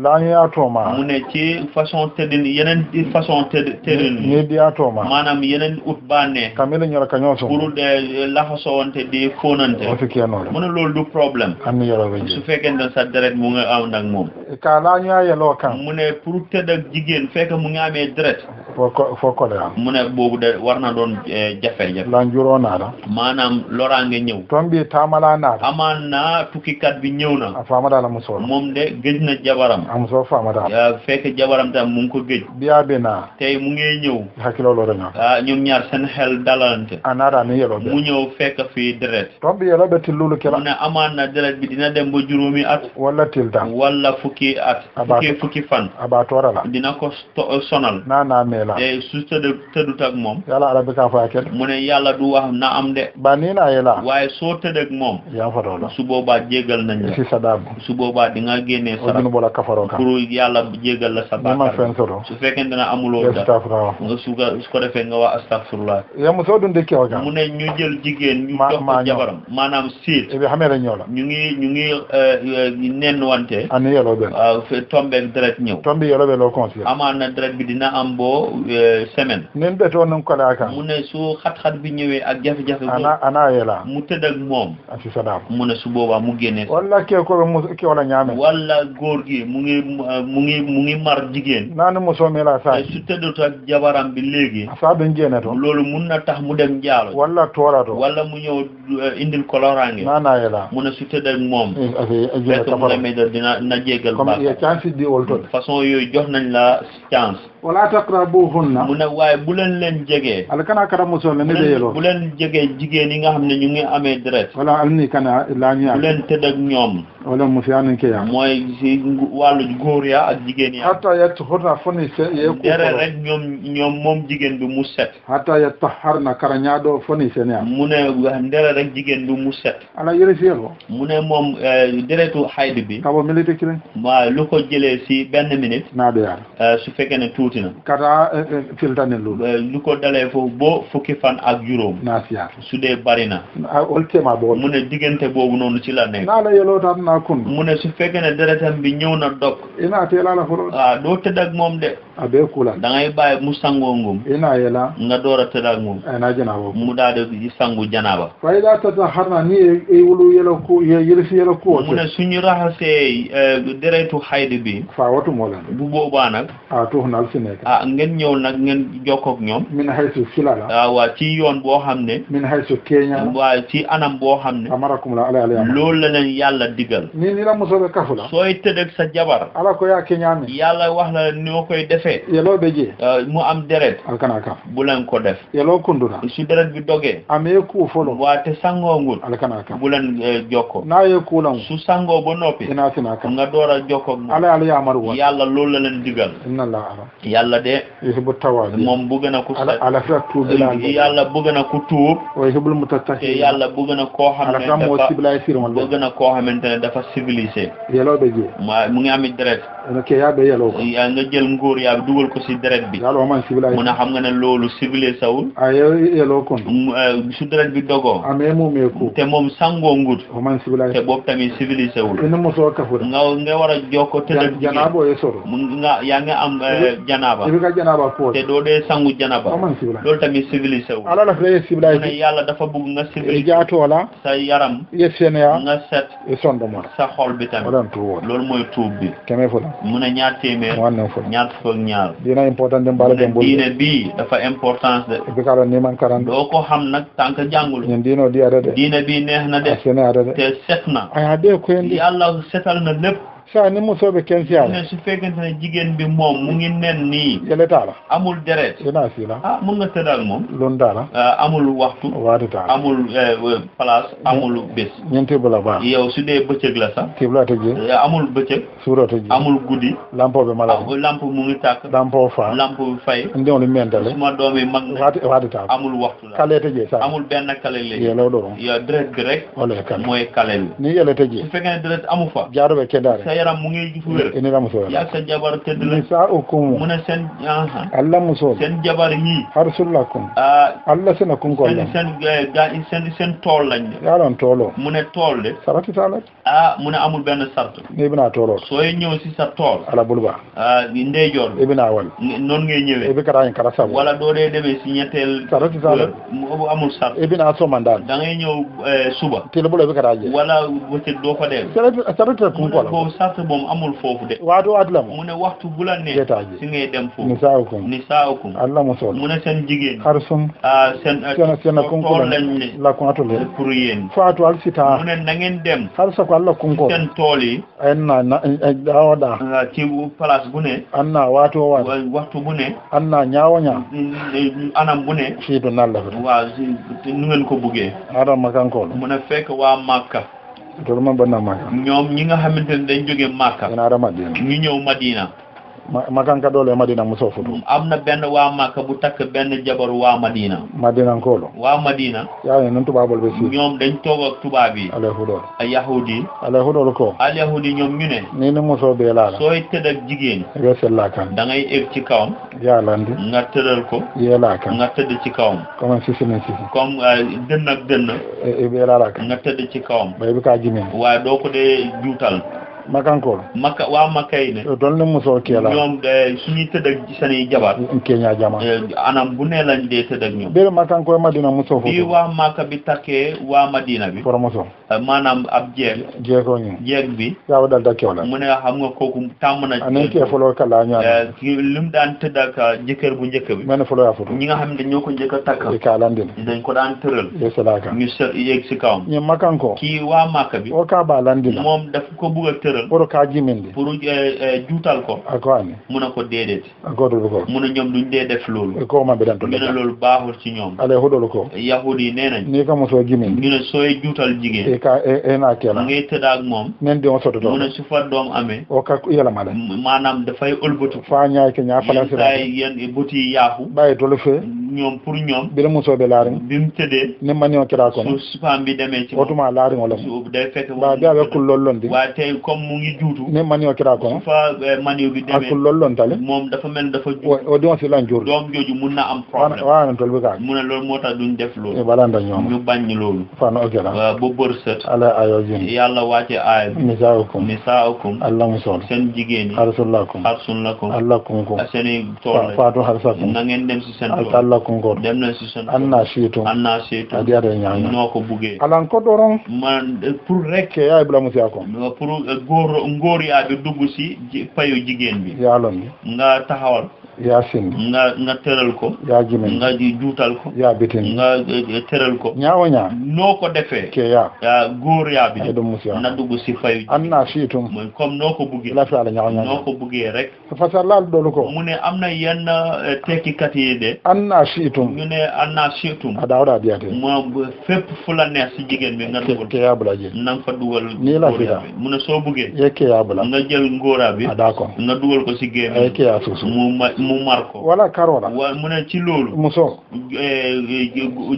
lan yaatoma mu ne ci façon yenen yeneen façon tëdd tëddin ni yenen maanaam yeneen ut bànnee kamila ñora kañoo so pour de eh, laxaso wonte di fonante o fi kenole mu ne loolu du problème am yoro be su fekkente sa deret mu nga am nak moom ka la ñu yelo kan mu ne pour tëdd ak jigéen fekk mu nga amee deret foko foko la mu ne boobu de war na doon eh, jafe jafe juro na la maanaam loraange ñëw tombi tamala na Amana na tukkikat bi ñëw na afama dala musola moom de gëj na jab jabaram am so famata ya fekk jabaram tam mu ngi ko géej biyabe na tey mu ngi ñëw hakkilolo rena ah ñoom ñaar seen xel dalalante anara ah, ni yelo mu ñëw fekk fii deret to bi yelo be tilulu kila na amaan na deret bi dina dem ba juróomi at wala tilta wala fukki at fukki fan aba toora la dina ko sonal na na mela e eh, su tëdd tëddut ak moom yàlla arabi ka fa ken mu ne yàlla du wax na am de ba ni na yela waaye soo tëdd ak moom yaa fa do la su boobaa nañ la ci sadab la kafaroota. pour yàlla jéggal la sa baakaar su fekkente ne amuloo da nga su ko defee nga waa astafurlah. yaa musoo dundee Kéwa Ka. mu ne ñu jël jigéen ñu jox ko jabaram maanaam siit. et puis xamee rek ñëw la. ñu ngi ñu ngi euh, nen wante. ani ah, yeloo benn. waaw ah, tombeeg deret ñëw. tombe yeloo benn loo conseillé. amaan na deret bi dina am boo euh, semaine. nen bett woon nañu ko laakaan. ne su xat-xat bi ñëwee ak jafe-jafe. ana ana yela. mu tëdd moom. ak si sa mu ne su boobaa mu génnee. wala Kéw ko mu Kéw ñaame. wala góor gi. kii mu ngi mu ngi mu ngi mar jigéen. naanu muso mi la saa su tëddut ak jabaram bi léegi. saa bi njéenato. loolu mun na tax mu dem jaalo. wala toorato. wala mu ñëw eh, indil koloraange. naanaa yela. mun na su tëdd moom. Eh, eh, fekk mu demee dina na jégal. baax comme il y a chance di wol toll. façon yooyu jox nañ la chance. wala taqrabuhunna mu ne waaye bu leen leen jegee alkana kara muso ne ne be yelo bu leen jigéen yi nga xam ne ñu ngi amee deret wala alni kana la ñu bu leen ñoom wala musiyanin ke ya wàllu góor yaa ak jigéen yaa. hatta yàtt xurna ñoom ñoom moom jigéen bi mu set. hatta yàtt xar na kara ñaadoo fo ni seen mu ne dere rek jigéen bi mu set. ala yële si yàlla. mu ne moom eh, deretu xaydi bi. kabo milite kile. waaw lu ko jëlee si benn minute. naa de eh, su fekkee ne tuuti na. kata eh, filtane loolu. lu ko dalee foofu boo fukki fan ak juróom. naa si su dee bari na. ah ol mu ne diggante boobu noonu ci la nekk. naa la yeloo naa kun. mu ne su fekkee mun a dog ina teelala ah, doo tëdd moom de a da ngay bàyyi mu sangoo ngum ina yela nga door a tëdd ak moom ina janaaba mu daa de sangu janaaba fa ida tataharna ni e, e wulu yelo ku e yelisi yelo ku mu ne suñu raxasee e, deretu xayd bi fa watu moo leen bu boobaa nag a tuuxnal si ah, ngeen ñëw nag ngeen jokkook ñoom min haysu filala waaw ah, waaw ci yoon boo xam ne min haysu keeña ci anam boo xam ne amarakum la leen yàlla digal sooy tëdd sa jabar. ala ko yaa keñaami. yàlla wax la ni ma koy defee. yaloo be je. Euh, mu am deret. alkana kan. bu ko def. yaloo kundura. su deret bi doge amee ku folo. waa te sangoo ngul. alkana kan bu leen euh, jokko. n'a ku la su sangoo ba noppi. dinaa fi naa kan nga door a jokko. ala ala yaa amaru wa. yàlla loolu la leen digal. inna la ala. yàlla de. yuhibu tawaabi. moom bëgg na ku. ala ala fira tuubi laa. yàlla bëgg na ku tuub. wa yuhibu mutatahi. yàlla bëgg koo xamante ne dafa. ala kan moo ciblé ay ne dafa civilisé. mu ngi amit deret ke yaa be yeloo ko yaa nga jël nguur yaa dugal ko si deret bi yàlla man sibila mun a xam nga ne loolu civilé sawul aye ah, yeloo kon eh, su deret bi dogoo amee ah, moomee ko te moom sangoo ngut o man sibila te boobu tamit civilé sawul ina mosoo kafu nga nga war a jokko tëdd janaaba ye soro nga yaa eh, nga am janaaba ibi ka janaaba foo te doo dee sangu janaaba o man sibila loolu tamit civilé sawul ala la fee sibila mu ne yàlla dafa bëgg nga civilé jaatoo la sa yaram ye seneya nga set e sa xol bi tamit loolu mooy suuf bi. keme fula. mun a ñaar téeméer. mu wàllu fula ñaar fukk ñaar. diina important dem baala dem. diine bi dafa importance de. bi ka a a setal na lépp. saa ni musoo be kenn siyaala. mais su fekkente jigéen bi moom mu ngi nen nii. yàlla la amul deret. dinaa si la ah mun nga tëddaal moom. loolu taala ah, amul waxtu. waati taala amul eh, place amul bés. ñeenti bu la baax. yow si dee bëccëg la sax. kii bu la tëjee. Eh, amul bëccëg. suura tëjee amul guddi. lampo bi ma la. Ah, lampo mu ngi tàkk. lampo faa lampo fay. ndew li mentale. suma doom yi mag na. waati waati taala amul waxtu la. kale tëjee sax amul benn kale léegi. yàlla doro. yow deret bi yaram mu ngi fu wér ene ramu so ya sa jabar tedd la nisaukum ah, mu sen aha allah mu musol sen jabar ni yi ah allah senakum ko allah sen ga seen sen tool lañ de yaaron toolo mu ne tool de sarati taala ah mu ne amul ben sart ne tolo toolo sooy ñëw si sa tol ala bulba ah ndeyjoor jor bina wal non ngay ñewé e bi karañ kara sa wala doo dee demee si ñetteel sarati taala amul sart e bina somandal da ngay eh, ñëw suba te lu bulo bi karaje wala ci do fa dem sarati sarati kum ko la place moom amul foofu de. waatu adlamu mu ne waxtu bu la nee. si ngay dem foofu nisaa'ukum nisaa'ukum. adlamu sool mu ne seen jigéen. xarsum ah, seen seen tool lañ ne. la kunatule pour yéen. faatu al sitaa tool yi. ay na na eh, daaw daa. Ah, ci place bu ne. an naa waatu o waat. waxtu bu ne. an naa ñaawo ñaa. anam bu ne. fii du naan la. waaw nu ngeen ko buggee. kankool. tolu man banna maka ñoom ñi nga xamante ne dañ jóge màkka ñu ñëw madina ma makanka ɗole madina muso futu am na benn waa makka bu takk benn jabaru waa madina madinankoolo waa madina yaani noon tubaabol ɓe si ñoom dañ toog ak tubaab yi alay huɗol a yahudi alay huɗol ko al yahudi ñoom ñu ne ni ni musoo bee soo sooy tëdd ak jigéen ɓe sellaa kan da ngay eg ci kawam yaalandi nga tëddal ko yeelaa kan nga tëdd ci kawam comme sisini sisi comme euh, dënn ak dënn ɓee eh, eh, laala kan nga tëdd ci kawam bay bi kaa jimee waaye doo ko de juutal makankoolu makka waaw makka yi ne don ne musoo keela ñoom eh, suñuy tëdd ak seen jabaat keñaa jama eh, anam bu ne lañ dee tëdd ak ñoom bére makankoy madina musoo fo bi waa makka bi takkee waa madina bi promotion eh, maanaam ab jeeg jeegoo ñu bi yaawa dal da kew la mu ne xam nga kooku tàmm na anen kee foloo kalaa ñaar li mu daan tëdd ak jëkkër bu njëkk bi mel ne foloo yaa foto ñi nga xam ne ñoo ko njëkk a takk kaalandin dañ ko daan tëral yesalaka ñu s yéeg si kawam makanko kii waa makka o kaa baa landin moom daf ko bugg tëral pour a jimindi pour eh, eh, juutal ko ako ani mun a ko deedeet agootol ko mun a ñoom duñ dee def loolu e ko ma bidan tole ñu loolu baaxul ci ñoom ale hudol ko yahudi nee nañ ni ka musoo jimindi ñu ne sooy juutal jigéen e ka e, e na kela ngay tëdda ak soto do a su fa doom amee o ka yàlla ma la maanaam a ëlbatu faa ñaay ke ñaa fala si yéen buti yaaxu bàyyi tolu fee ñoom pour ñoom bi la musoo be laariŋ bi mu tëddee ne ma ñoo kiraa ko su supaam bi demee ci otuma laariŋo la mu day fekk waa a be mu ngi juutu ne maniyo kira kono fa eh, maniyo bi demee ak loolu tale moom dafa mel dafa juut o dion si lan jur doom jooju mun na am problème waaw tol bi ka mu ne loolu moo tax duñ def loolu eh, balanda ñoom ñu bañ loolu fano ok la bu bër sët ala ayo jin yàlla wàcce aay misaakum misaakum allah musol seen jigéen yi arsul lakum arsul lakum allah kunkum seen i tool faatu harsakum na ngeen dem si seen tool allah kunkum dem na si seen anna siitum anna siitum adiata ñaan noo ko buggee alan ko doron man eh, pour rek ke yaay bula musiya ko pour góor ngóor yaa bi dugg ci payu jigéen bi. yàlla nga taxawal. yaa sindi nga nga teral ko yaa jimen nga juutal ko yaa bitin nga eh, teral ko ñaawo ñaa noo ko defee ke yaa yaa góor yaa bi ɗum musiba na dugg si fayu an naa fiitum comme noo ko buggee lafi ala ñaawo ñaa noo ko buggee rek fasa laal doolu ko mu ne am na yenn eh, tekkikat yi de an naa fiitum ñu ne an naa fiitum a daawɗaa biyatee mo fépp fu la neex si jigéen bi nga bula je na nga fa dugal nii la fiita mu ne soo buggee ye bula nga jël ngóoraa bi a daa ko nga dugal ko si géem ke yaa suusu mu mu mar ko wala karola wa mu ne ci loolu muso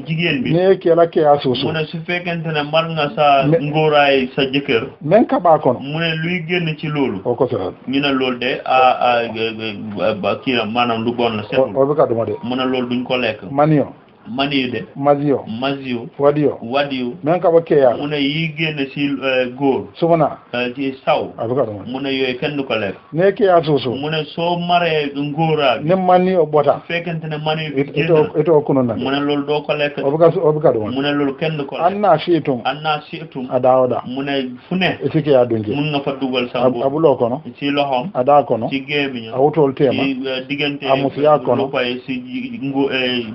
jigéen bi ne kela ke a suusu mu ne su fekkente ne mar nga sa ngóoraay sa jëkkër même ka baa kono mu ne luy génn ci loolu o ko sohal ñu ne loolu de a a kii la maanaam lu bon la setul o bi ka duma de mu ne loolu duñ ko lekk man yo manide maziyo. mazio wadiyo. wadio men ka bakke ya muna yige gene si eh, go subana ti eh, e saw abuka dum muna yoy e kenn ko lek ne ke ya so so so mare ngora ne mani o bota fekente ne manni ito ito kuno nan muna lol do ko lek abuka abuka dum muna lol kenn ko anna shiitum anna shiitum adawda muna fune sike ya dunje mun na fa dugal sambo abulo kono ci lohom ada kono ci gemi awtol tema ci eh, digente amusiya kono ci ngo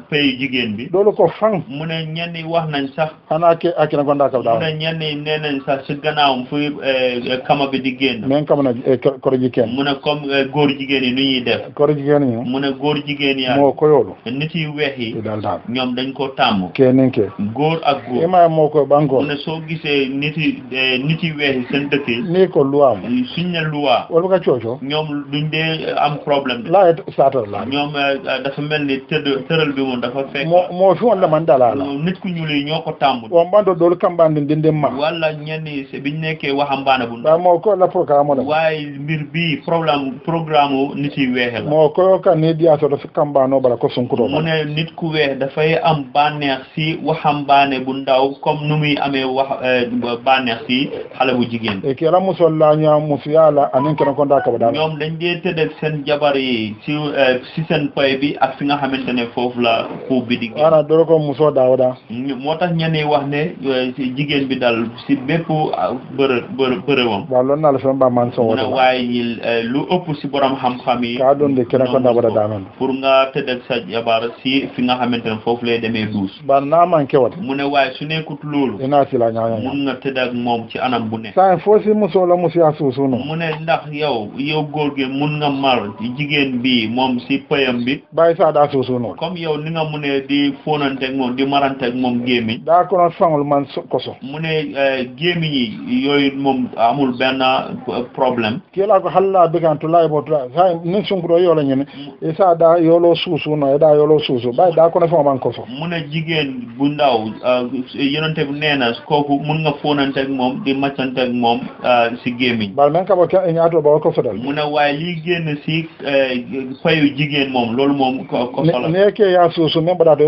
pay jigen bi bi dole ko fan mu ne ñenn wax nañ sax ana ake ak nag wanda kaw daa mu ne ñenn nee nañ sax si gannaawam fu eh, eh, kama bi di génn mais kama na eh, koro jigéen mu ne kom góor jigéen yi nu ñuy def koro jigéen yi mu ne góor jigéen yaa moo ko yoolu nit yi weex yi daal daal ñoom dañ ko tàmm keneen góor ak góor imaam moo ko banko mu ne soo gisee nit yi nit yi weex yi seen dëkk yi nii ko luwaam suñ ne luwaa wala ka coocoo ñoom duñ dee am problème laay saatar laa ñoom dafa mel ni tëdd tëral bi moom dafa fekk mo fi wonde man dalala nit ku ñuule ñoko tambu on bando dol kambande dende ma walla ñani se biñ nekké waxambaana bu ba mo ko la programme bi problème programme nit yi wéxé la mo ko ka ne diya to fi kambano bala ko sunkuto waxambaane bu ndaw comme nu muy amee wax eh, banex ci xale bu jigéen e ki la musol la ñaa musu yalla anen ko ko ndaka ba dal ñoom dañ dé tëdd seen jabar yi si eh, ci seen pay bi ak fi nga xamantene foofu la ko bi ana doro ko musoo daaw daa moo tax ñenn wax ne si eh, jigéen bi dal si bépp ah, bërë bërë bërëwam waaw loolu naa la fem baamaan sowo waaye ñi eh, lu ëpp si borom xam-xam yi kaa doon de kira ko ndaabada daanoon pour nga tëddeg sa jabar nga xamante ne foofu lay demee duus ba naa manqué mu ne waaye su nekkut loolu dinaa si la ñaaña mun nga tëddeg moom ci anam bu ne saa foo si musoo la musi a suusuunu mu ne ndax yow yow góor gi mun nga mar jigéen bi moom si payam bi bàyyi saa daa suusuunu comme yow ni nga mu di di fóonanteeg moom di maranteeg moom gémmiñ daa ko na sangul man koso mu ne eh, gémmiñ yi yooyu moom amul benn problème kiilaa ko hallaa bigantu laay bo sa nin sunkuto yoola ñene e eh, sa daa yooloo suusu no e daa yooloo suusu bay daa ko na fango man koso mu jigéen bu ndaw eh, yonente bi nee na kooku mun nga fóonanteeg moom di maccanteeg moom si gémmiñ bal men ka ba ke ñaatoo ba wa koso dal mu waaye lii génn si payu jigéen moom loolu moom koso la nekkee yaa suusu même ba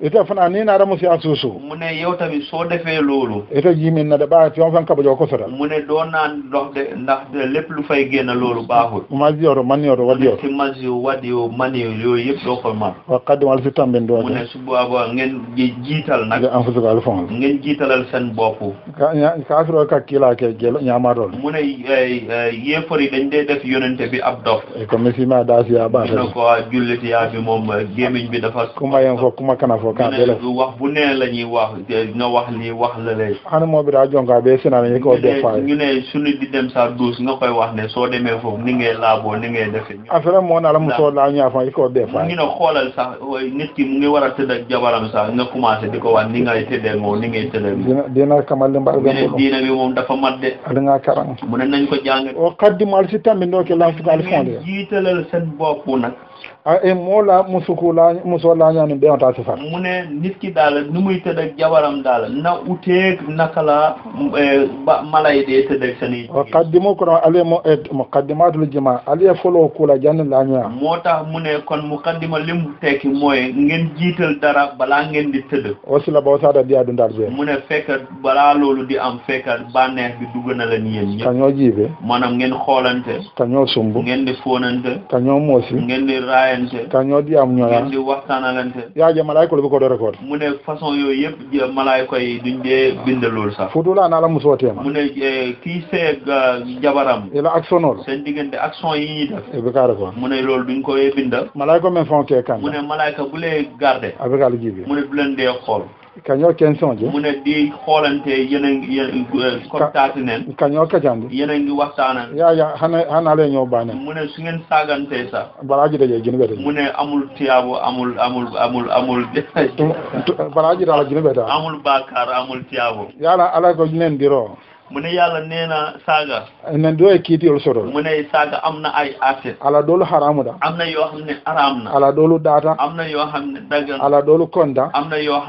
ita fana ni na da musu asu su mun ne yau tabi so da fe ita ji na da ba ti on fan kabujo ko sota ne do na do de na lepp lu fay gena loolu baaxul ma ji yoro man yoro wadi yoro ma ji wadi yo man yo yep do ko ma wa kaddu wal fitam ben do ne su bo abo ngeen jiital nak an fusu al fon ngeen jiitalal sen bop ka ka suro ka eh, eh, fori dañ de def yonente bi ab dof e ko mi ma da si ya ba ko julliti ya bi mom eh, gemiñ bi dafa kuma yan fo kuma kana fo kaatele wax bu neen la ñuy wax nga wax lii wax la lay xana moo bi daa jonkaa bee sinaane ñu ko def ñu ne suñu di dem sa duus nga koy wax ne soo demee foofu ni ngay laaboo ni ngay a affaire ah, moo na la mu soo laa a fan yi ko def ñu ne xoolal sax a nga commencé di ko wax ni ngay tëddee moom dina kamal li mbar ne diina moom dafa mat de li ngaa karang mu ne nañ ko jàng o xaddimal si tambi ndooki laa fukaal fondé jiitalal e moola musuku la muso lañaani ɓeewata fan mu ne nit ki daal nu muy tëdd jabaram daal na uteeg naka la e, mala yi dee tëdd ak seen wa kaddimu ko ali mo e, muqaddimatul jima ali e foloo kula janni lañoya moo tax mu ne kon muqaddima limu tekki mooy ngeen jiital dara balaa ngeen di tëdd wasila ba wasaada biya dundal be mu ne fekkat balaa loolu di am fekkat bànneex bi dugg na leen yéen ñëpp kañoo jiibe maanaam ngeen xoolante kañoo sumb ngeen di jaayante. ka ñoo di am ñoola. ngeen di waxtaanalante. yaa je malaayikoo la bu ko doon récolté. mu ne façon yooyu yëpp jë malaayikoo yi duñ dee bind loolu sax. futu laa naa la musoo mu ne eh, kii seeg eh, jabaram. il a action noonu. seen diggante action yi ñuy def. bi ka récolté. mu ne loolu duñ koy bind. malaayikoo même foo kee kan. mu ne malaayikoo bu lee garder. avec àll mu ne bu dee xool. kañoo ken sonje mu ne di xoolante yenen yenen contact euh, nen kañoo kajandu yenen di waxtaana ya ya hana hana le baane mu ne ngeen saagante sa balaa ji daje gën wete mu ne amul tiyaabo amul amul amul amul balaa ji daal gën wete amul baakaar amul tiyaabo yàlla ala ko nen di Mune ne yàlla nee na saaga enen ɗo e kiitiol sotol mu ne ay asset ala ɗolu haramu da am na yoo xam ala ɗolu daata Amna na yoo xam ala ɗolu konda Amna na yoo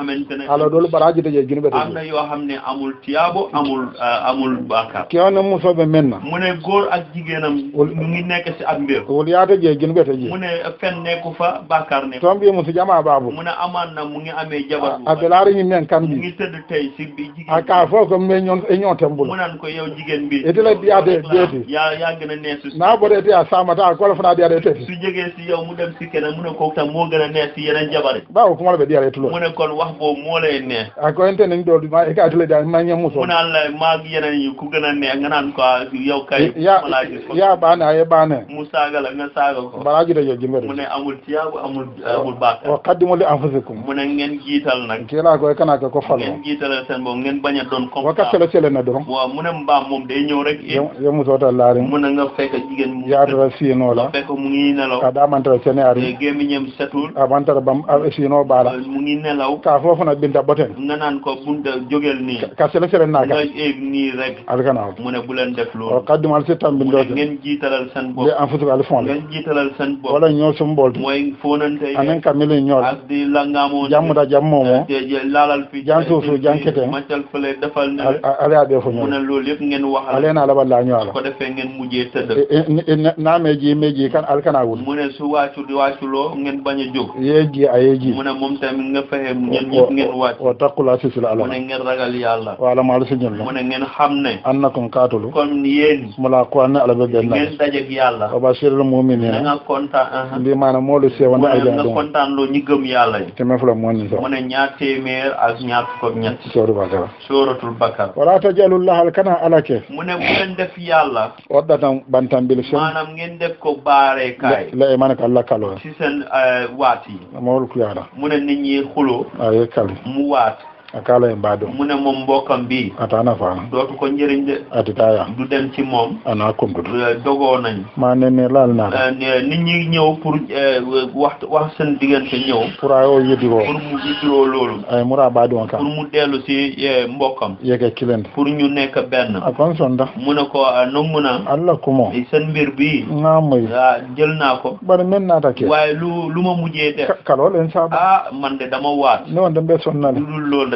ala ɗolu baraji daje junube am na yoo xam amul tiabo amul uh, amul bakar. ke on musoɓe men na mu ne góor ak jigéenam mu ngi nekk si ab mbir wol yaata jee junube ta ji mu ne fen nekku fa baakaar ne toon mbiye musu jama baabu Mune amana amaan na mu ngi amee jabar a belaari ñi men kan bi ngi tëdd tey si bi jigéen a kaa fof ko mbe e ñoo tembo mu nan ko yow jigéen bi etela diyaate deeti ya yaa gën a neesu naa bota etiya ah, samata kola fana diyaate teti su jegee si yow mu dem si keneen mu ne ko a nees si yeneen jabari mu ne kon wax a ah, ko ma ka tele diya ma ñam muso mu naan la maa yeneen a neex nga naan ko ah, yow kay a ye baane mu saaga la nga li anfusikum mu ne ngeen jiital ko falo ngeen jiital seen a na doron waaw mu ne mbaam moom day ñëw rek. yo musota laari mun na nga fekk jigéen mu. yaatara siinoo la fekk mu a ah, daa mantara seneyaari. a ah, mantara bam ah, siinoo baala. mu ngi nelaw. ka foofu na binta boten. ka sele sele naa ka. nga nii rek. alkanaaw oh, si tam bindoo te. ngeen jiitalal seen bopp. en tout cas fond la. ngeen jiitalal seen bopp. wala ñoo sum bool. mooy fóonante yi. anen ka mili ñoo la. ak di langaamoo. jàmm da jàmm moomoo. Eh, laalal mu ne loolu yëpp ngeen wax aleen ala balla ñu ko defee ngeen mujjee tëdd naa meji meji kan alkanawul mu ne su wàccu wàcculoo ngeen bañ a jóg yeegi a yeegi mu ne moom tamit nga fexe ngeen ñëpp ngeen wàcc wa taqula fi sil ala mu ne ngeen ragal yàlla wala ma la signal mu ne ngeen xam ne annakum kaatulu comme yéen mulaqu an ala bi benn ngeen dajeg yàlla wa bashirul mu'minina nga kontaan li maanaam moo lu seewante ay nga kontaan loo ñi gëm yàlla yi te la moo ni sax mu ne ñaar téeméer ak ñaar fukk ak ñett bakar wala tajalullah lahal kana ala ke eh, mu ne bu leen def yàlla wadda tan bantambil sen maanaam ngeen def ko baare kaay la iman ka allah kaloo si seen waat yi mawol kuyaara mu ne nit ñi xuloo aye kal mu waat a kaala e mbaado mu ne moom a bi ataana faana dootu ko njëriñ de atitaya du dem ci moom ana komtude euh, dogoo nañ maa ne ne laal naa euh, nit ñi ñëw pour euh, wax wax seen diggante ñëw pour a o yediroo pour mu yediroo loolu ay mura baadi on kan pour mu dellu si mbokkam yeke kilende pour ñu nekk benn a kon sonda mu ne ko no mun a allah kumo seen mbir bi naa moy wa ah, jël naa ko bari men naata ke waaye lu lu ma mujjee def kaloo leen saaba ah, man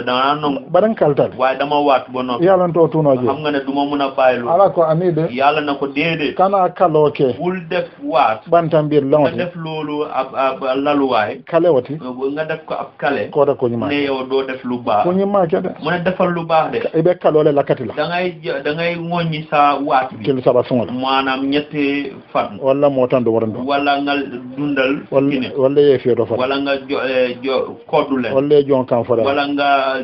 dama nangu baɗen kaltal waaye dama waatu bo noppi yalanto tuunoje xam nga ne duma mun a bàyyilu ala ko anide yàlla na ko déedéet kana kalooke bul def waat bantambiir lawte nga def loolu ab ab laluwaay kalewati nga def ko ab kale ko ñumaa ne yow lu baax ko ñumaa ke de mu ne defal lu baax de ibe kaloole lakkati la da ngay da ngay ŋoññi sa waat bi kil saba suŋol maanaam ñetti fan walla moo tan du walla nga dundal walla walla yee fiyoo do walla nga jo eh, jo koddu leen walla jonkan fo walla nga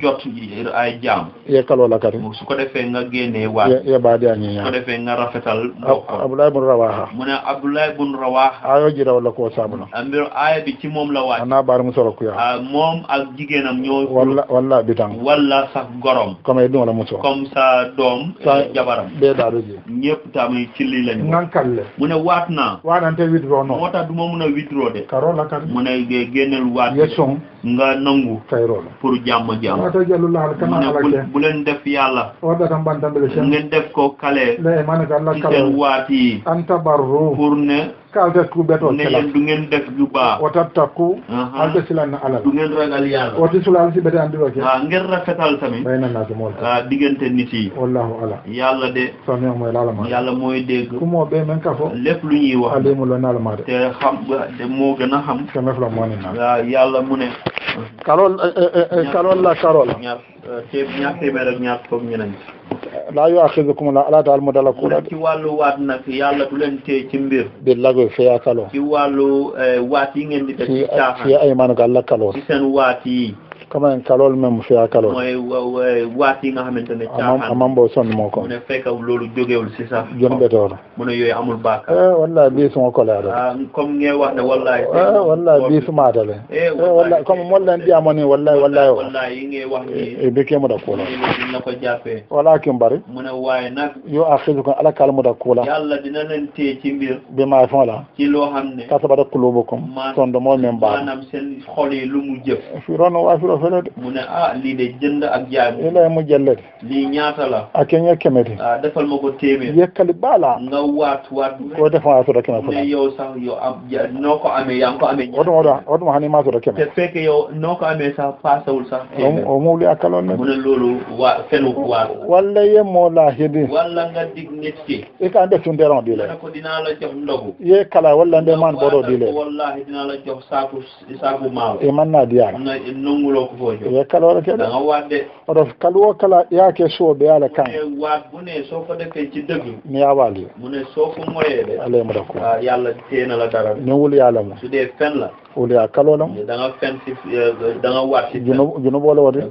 jot er ay jaam. yekkal wala kari. su ko defee nga génnee waat. ye yebaadi a ñeñaa. su ko defee nga rafetal. mbokk Abdoulaye bun Rawaha. mu ne Abdoulaye bun Rawaha. ayoo jira wala koo saabla. amir aaya bi ci moom la waat. ana baar mu soro kuyaa. Ah, moom ak jigéenam ñoo. walla walla bitang. walla sax gorom. comme ay la muso. comme sa doom. Eh, sa jabaram. bee daal ji. ñëpp tamit ci lii lañu. ngankal le. mu ne waat naa. waanante witroo noonu. moo tax du ma mun a witroo de. mu ne génneel waat. ye nga nangu. pour jàmm jàmm. waaw tey bu leen def yàlla. ngeen def ko kale. ci seen waat yi. pour ne. kawtet ku ɓeto ne yen du ngeen def ju baax o tattaku alɓe silanna o ti sulal si ɓete andiroke a ah, ngeen rafetal tamit a ah, diggante nit yi wallahu ala yàlla de sami moy laalama yàlla mooy dégg ku moo ɓe men ka fo lépp alimu lo naalama de te xam gën a xam ke mefla mooni ah, mu ne kalol euh, euh, euh, la kalol ceeb ñaar téeméer ak ñaar fukk ñu nañ ci. laa yoo axizukum ala daal mu dala kuula. ci wàllu waat nag yàlla du leen téye ci mbir. di lago fee ak kaloo. ci wàllu eh, waat yi ngeen di def. ci caaxaan ci ay maanaam àll ak kaloo. ci seen waat yi. kama en kalol men mo fiya kalol waati nga xamante ne caaxaan amam bo sonn moo ko mu ne fekk loolu jógeewul si sax jon betoor mu ne yooyu amul baaka eh wallahi bii suma kolaade comme ngeen wax ne wallahi eh wallahi bii suma adale eh wallahi comme mo len di amoni wallahi wallahi wallahi ngeen wax ni e be kemo da kola na ko jappé walakin bari mu ne waaye nag yo akhidukum ala kalmu da kola yalla dina len té ci mbir bi ma fon la ci lo xamne kasaba da kulubukum son do mo men ba manam sen xol yi lu mu jëf fi ron wa fi o fele de mu ne ah lii de jënd ak jaay mu mu jëllet lii ñaata la ak ñe keme ah defal ma ko téeméer yekkali nga waat waat ko defa asura keme fula yow sax yow am noo ko amee ko amee o ɗum oɗa hani ma asura keme te fekk yow noo ko sax pasawul sax o mawli akkaloon ne mu ne loolu waa fenu waat walla ye moo laa hedi walla nga dig nit ki i ka nde sunderon di le ko dinaa la jox ndogu ye kala walla nde man boɗo di le wallahi dinaa la jox saaku saaku maaw e man naa diyaala ye kalore ke oɗo kalwo kala yaake a ala kan mi yawaali ala mo dako min wuli alamo wuliya kalolam junuɓole wode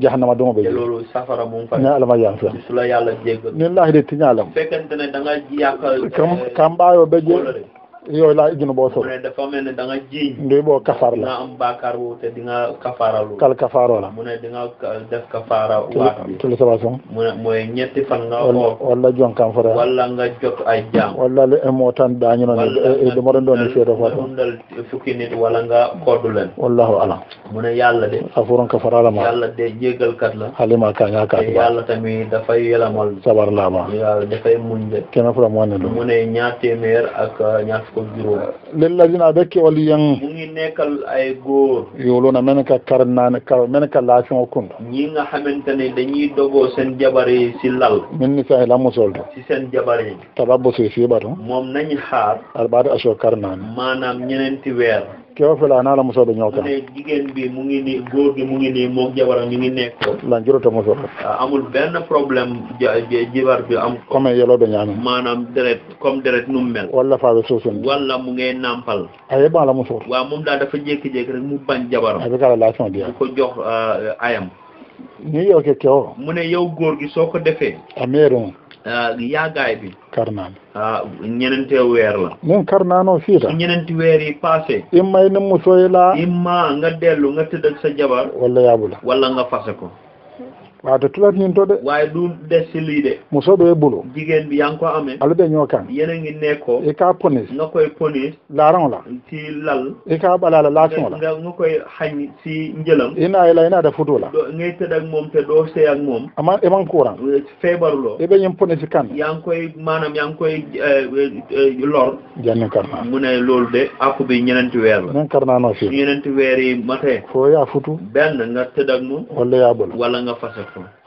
jahanama dumo ɓe ni alama yanfen nin lahide tiñalam kam ɓayo eh, ɓe je yooyu laa ijjunu boo da nga ji. ndoy boo kafaar la nga am baakaar woo te di nga kafaaralu. kal kafaaroo la. mu ne di nga def kafaara. waat bi mu ne mooy ñetti fan nga. wala wala jonkan fara. wala nga jot ay jaam. wala lu moo tan daañu noonu. wala eh, eh, dama doon doon seedo fa. dundal fukki nit wala nga koodu wallahu alam. mu ne yàlla de. afuron kafaara la ma. yàlla de jégalkat la. halima ka nga kaatu ba. yàlla tamit dafay yelamal. sabar laa ma. dafay muñ lillazina abekke waliyan mugi nekkal ay goor na men ka naani ka men ka lation kun ñi nga xamante ne dañuy dogo seen jabari ci lal min ni sahila musoldo si seen taba tarabbo ci fi bato moom nañu xaar arbaa aso karnane manam ñenenti weer kewa fela ana la muso be ñoo kan jigéen bi mu ngi ni góor gi mu ngi ni moom jabaram mi ngi nekk lan juróota muso ah, amul benn problème jibar bi am comme yeloo be ñaami maanaam deret comme deret nu mel walla faabe suusun walla mu ngay nàmpal a ban la muso waaw moom daal dafa jékki-jékki rek mu bañ jabaram avec la relation bi ko jox ah, ayam ni yow ke kewo mu ne yow góor gi soo ko defee ameerum Ah, yàggaay bi. karnaan. ah ñeneenteewu weer la. ñun karnaanoo fii la. su ñeneenti weer yi passé. imma yi ni muso yi la. imma nga dellu nga tëdd sa jabar. wala yaabu la. wala nga fase ko. waaw te tulat ñin to de waaye du dessi lii de muso ɓe bolo jigéen bi yaa ngi ko amee aluɓe ñoo kan yene ngi nekko i ka ponis nga koy ponis laaraŋo la ci lal i ka ɓalala laasiŋo la nga nga koy xañ si njëlam i naa la i naata futu la ngay tëdd ak moom te doo sey ak moom ama iman courant feebaruloo i ɓe ñim ponis kan yaa ngi koy maanaam yaa ngi koy eh, eh, lor janni karna mu ne loolu de aku bi ñenenti weer la nen karnaanoo fi ñenenti weer yi matee foo a futu benn nga tëdd ak moom wala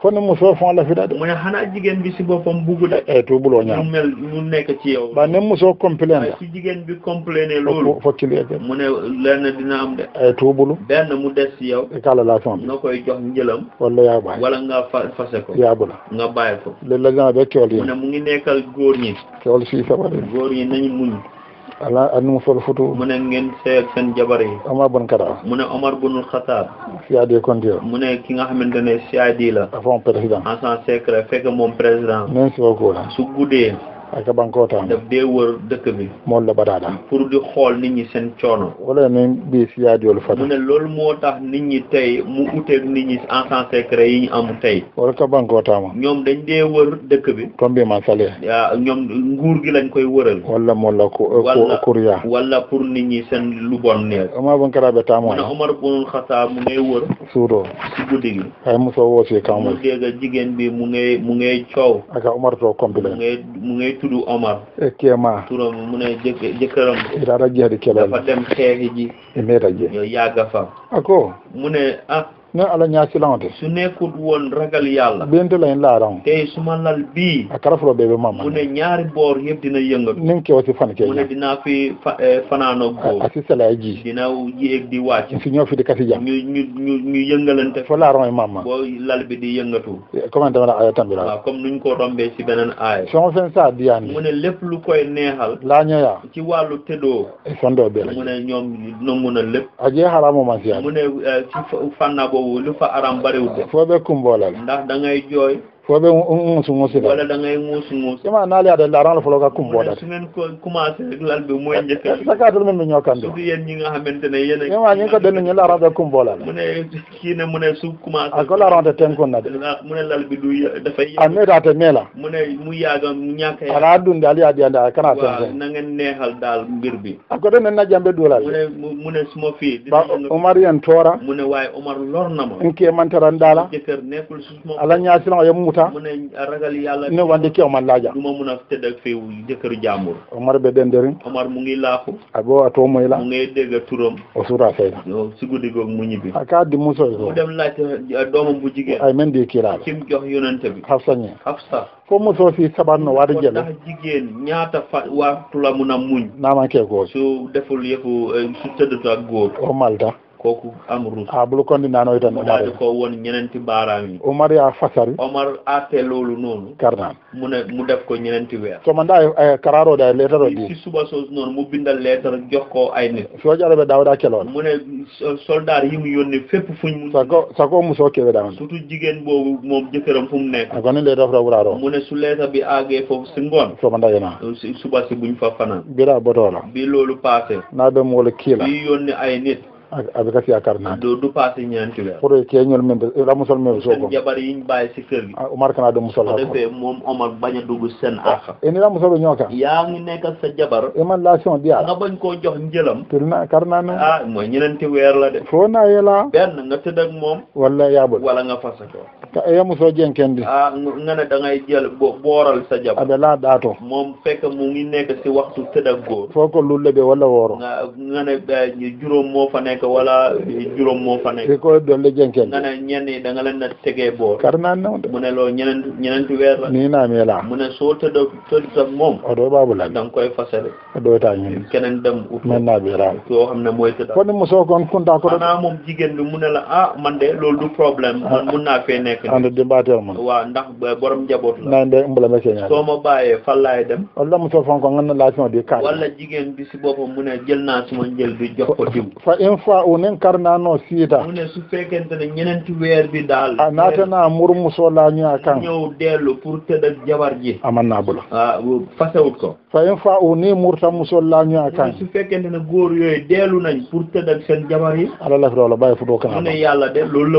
kon nag musóor fond la fi daal de. mu ne xanaa jigéen bi si boppam bugg. et eh, tout buloo ñaar mu mel mu nekk ci yow. ba ne musoo complain la. si jigéen bi complainer loolu. fokk mu ne lenn dina am de. et eh, tout bulu. benn mu des si yow. kàlla laa sonn. nga koy jox njëlam. wala yaa bàyyi wala nga fa fase ko. yaa bula nga bàyyi ko. léeg-léeg da nga ba keewal yi. mu ne mu ngi nekkal góor ñi. keewal fii sa góor ñi nañu ala an musal futu mu ne ngeen sey seen jabar yi Omar bun Khattab mu ne Omar bun Khattab CID continué mu ne ki nga xamante ne CID la avant président en tant secret fekk moom président même si su guddee ak a bankootaan. daf dee wër dëkk bi. mool la badaada. pour di xool nit ñi seen coono. wala même bii si yaa joolu fa. mu ne loolu moo tax nit ñi tey mu uteeg nit ñi en temps yi ñu am tey. wala ka bankootaama. ñoom dañ dee wër dëkk bi. comme bi man sale. ñoom nguur gi lañ koy wëral. wala mool la ku kuréel. pour nit ñi seen lu bon neex. Omar bu taamu. mu ne Omar bu Xataa mu ngay wër. suudoo si guddi gi. ay mosoo woo si Kamboy. mu tudd Omar. E, Kéema turam mu ne jëkkë jëkkëram. dafa dem xeexi ji. e meeta je yo yaaga fam ako mu ne ah, ne ala ñaasilaŋo te su nekkul woon ragal yàlla bente lañ laaraŋo tey suma lal bii a karafuloo bee be mama mu ñaari boor yëpp dina yëngatu nin kewo si fan kee mu eh, a si selay di wàcc si ñoo fi di kasi jam ñu ñu ñu ñu yëngalante fo laaraŋo ye mama boo lal bi di yëngatu comment tamit aya tambi la waaw comme nuñ ko tombee si beneen aaya soŋo fen saa diyaani mu ne lu koy neexal laañoyaa ci wàllu tëddoo sondoo bee la mu ne ñoom nangu na lépp a jee xaraa si fanna wóolu fa aram bariwul de. foo bee kumboolal. ndax da ngay jooy. fo ɓe ŋusu ŋusi la wala ngay ŋusu ŋusi ima na ada da la folo ka kum da sunen ko commencé rek lal be moy ñëk saka dal men ñoo kan su yeen ñi nga xamantene yeen ima ñi ko den la ran da kum bo la mune ki ne mune su commencé la ran da ten ko na e de mune lal bi du da fay amé da te mela mune mu yaaga ñaka ya ala dun dal ya di anda kana ten na ngeen neexal dal mbir bi ko den na jambe do la mune mune suma fi Omar yan tora mune way Omar lor na ma ke man su mo ala ñaasi la yam wuta mun ragal yàlla ne wande ki omar laaja duma a tëdd ak feewu jëkkëru omar be denderi omar mu ngi laaku abo ato moy la mu ngi dégg turam o suura seyda si guddi goog mu ñibbi aka di muso mu dem laajte eh, doomam bu jigéen ay men di kiiraal kim jox yonente bi hafsa ñe hafsa fo muso si sabanno waade jël ndax ñaata fa waxtu mun a muñ naaman kee góor su deful yëfu eh, su tëddatu ak góor o kooku amru ah bulu kondi naano yitan mu daal ko won ñenenti baaraam yi omar ya fasari omar aate loolu noonu karnaan mu ne mu def ko ñenenti weer so man daa ay eh, karaaroo da leetaro di si suba soos noonu mu bindal leetar jox ko ay nit sooji arabe daawda keloola mu ne soldat yi mu yónni fépp fuñ mu sako sako musoo kewe daan surtout jigéen boobu moom jëkkëram fu a ah, koni leetar fota wuraaroo mu ne su leetar bi aagee foofu si ngoon so man daa suba si buñ fa fanaan bira botoo bi loolu passé ak gasi yakar naɗedu passé wér pour ñol men la musol men sogo jaɓari yim mbawi omar kana do musul ha defé mom omar baña dugu sen aka eni la musolɓe ñooka yaangi nekka sa jabar émanlation ɗiya nga bañ ko jox njëlam tirna karnano a mo ñenanti wér la def fo na la ben nga tedd ak wala ya bu wala nga fasa ko ka musul muso bi ah nga ne da ngay jël boral sa jabar ada la ɗaato mom fekk mu ngi nekk si waxtu tedd ak goor foko lu lebe wala woro wooro nga ne juroom mo fa nekk nekk wala juróom moo fa nekk. di ko dolli jënkeel. nga ne ñenn yi da a naa la. nii naa mee laa. mu soo tëdd tëdd ak moom. o doo baabu la. da nga koy fasale. doo taa ñun. keneen dem ut. naa bi raam. yoo xam ne mooy tëdd. kon mosoo kon kuntaa ko. xanaa moom jigéen bi mu ne la ah man de loolu du problème. Ah. man mun naa fee nekk. ànd dimbaateel man. waaw ndax borom njaboot la. naan de mbala ma see ñaar. soo ma bàyyee fan laay dem. wala mosoo fonk nga di. wala jigéen bi si boppam mu ne jël naa suma njël bi jox fa o nen karnano siita mu ne su fekkente ne ñenenti weer bi daal a naatana murmuso laañu a kan ñëw dellu pour tëdd jabar ji aman naa bula ah ko fa in fa'u ni murta musolla ñu akan su fekkente ne góor yooyu deelu nañ pour tëdd ak seen yi ala la fi doola bàyyi fu de la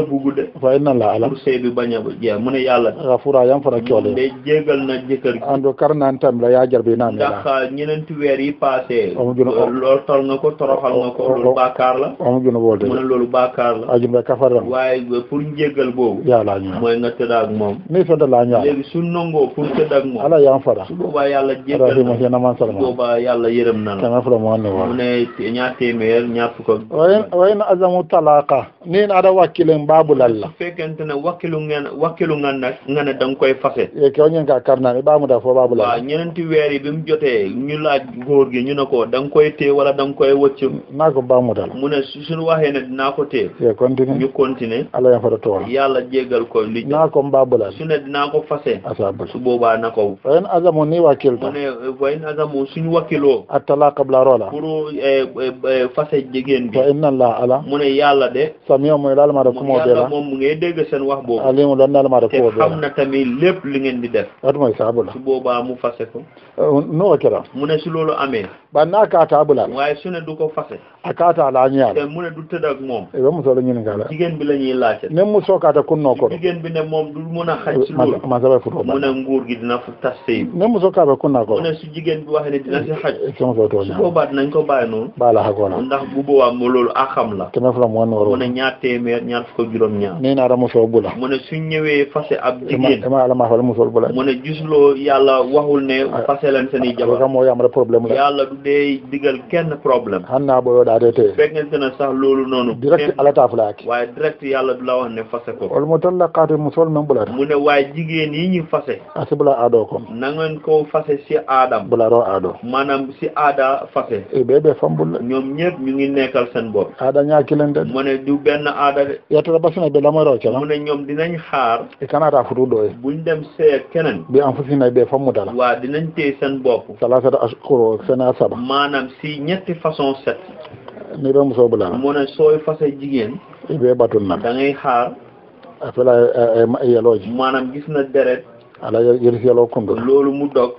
bugg de fa inna la ala pour sëy bi bañ a jeex mu ne a gafura yam fana coole de jégal na jëkkër gi ando kar naan tam la a jarbi naa ndax ñenenti weer yi passé loolu tol nga ko toroxal nga ko loolu bàkkaar la a juna bool la ajun ba kafar ram waaye pour njégal boobu yàlla ñu mooy nga tëdd moom ni fanta laa léegi su nangoo pour tëdd moom aljanna man salma boba yalla yërëm na la kana mo ne wa ne ñaar téeméer ñaar fukk way na azamu talaqa nin ada wakilen babu lalla ne wakilu ngana wakilu dang koy fasé e ko ñen ka karna ba mu da fo babu lalla wa ñenenti wéri bi joté ñu laaj góor gi ñu nako dang koy té wala dang koy wëccu nako ba mu dal mu ne suñu waxé ne dina ko té e continue ñu continue ala ya fara tool yalla jégal ko li nako babu lalla su ne dina ko fasé su boba nako azamu ni mu ne in azamu suñu wakkiloo la talaq qabla rola pour eh, eh, eh, fase jigéen bi fa inna allah ala mu ne yàlla de samiyo mooy laalamaada kumoo de la moom mu ngay dégg seen wax boobu alimu lan laalamaada kumoo de la te li ngeen di def wat mooy saabu la Euh, n'o kɛra mun ne ba k'a a bolo waaye ko fase a k'a ta a la ɲɛ la mun ne du da mɔm i bɛ muso la ta kun nɔ kɔrɔ a xaj mun la la ndax bu boobaa mu loolu a xam la kɛmɛ fila mɔgɔ nɔrɔ mun ne ñaar téeméer ñaar fukk juróom ñaar ne naara muso bu la mun ne su ñëwee fase ab jigéen a ala maa a muso bu la mun ne gisuloo yàlla waxul ne fase fàtte leen seen i ah, moo yam rek problème la. yàlla du dee digal kenn problème. xam naa booyoo daa dee tey. fekk seen sax loolu noonu. direct ala taa fila ak. waaye direct yàlla du la wax ne fase ko. wala mu toll kaatu musol même bu la. mu ne waaye jigéen yi ñu fase. asibula ah, aadoo ko. na ngeen koo fase si aadam. bula aadoo. maanaam si aada fase. Eh, bee bee fambul la. ñoom ñëpp ñu ngi nekkal seen bopp. aada ñaaki leen de. mu ne du benn aada de. rey seen bopp. salaasata ashkuro a saba. maanaam si ñetti façon set. ni doon muso soo laal. mu ne sooy fasa jigéen. i bee batun na. da ngay xaar. affaire ay eh, eh, yeloo ji. maanaam gis na deret. ala yël yeloo kundu. loolu mu dog.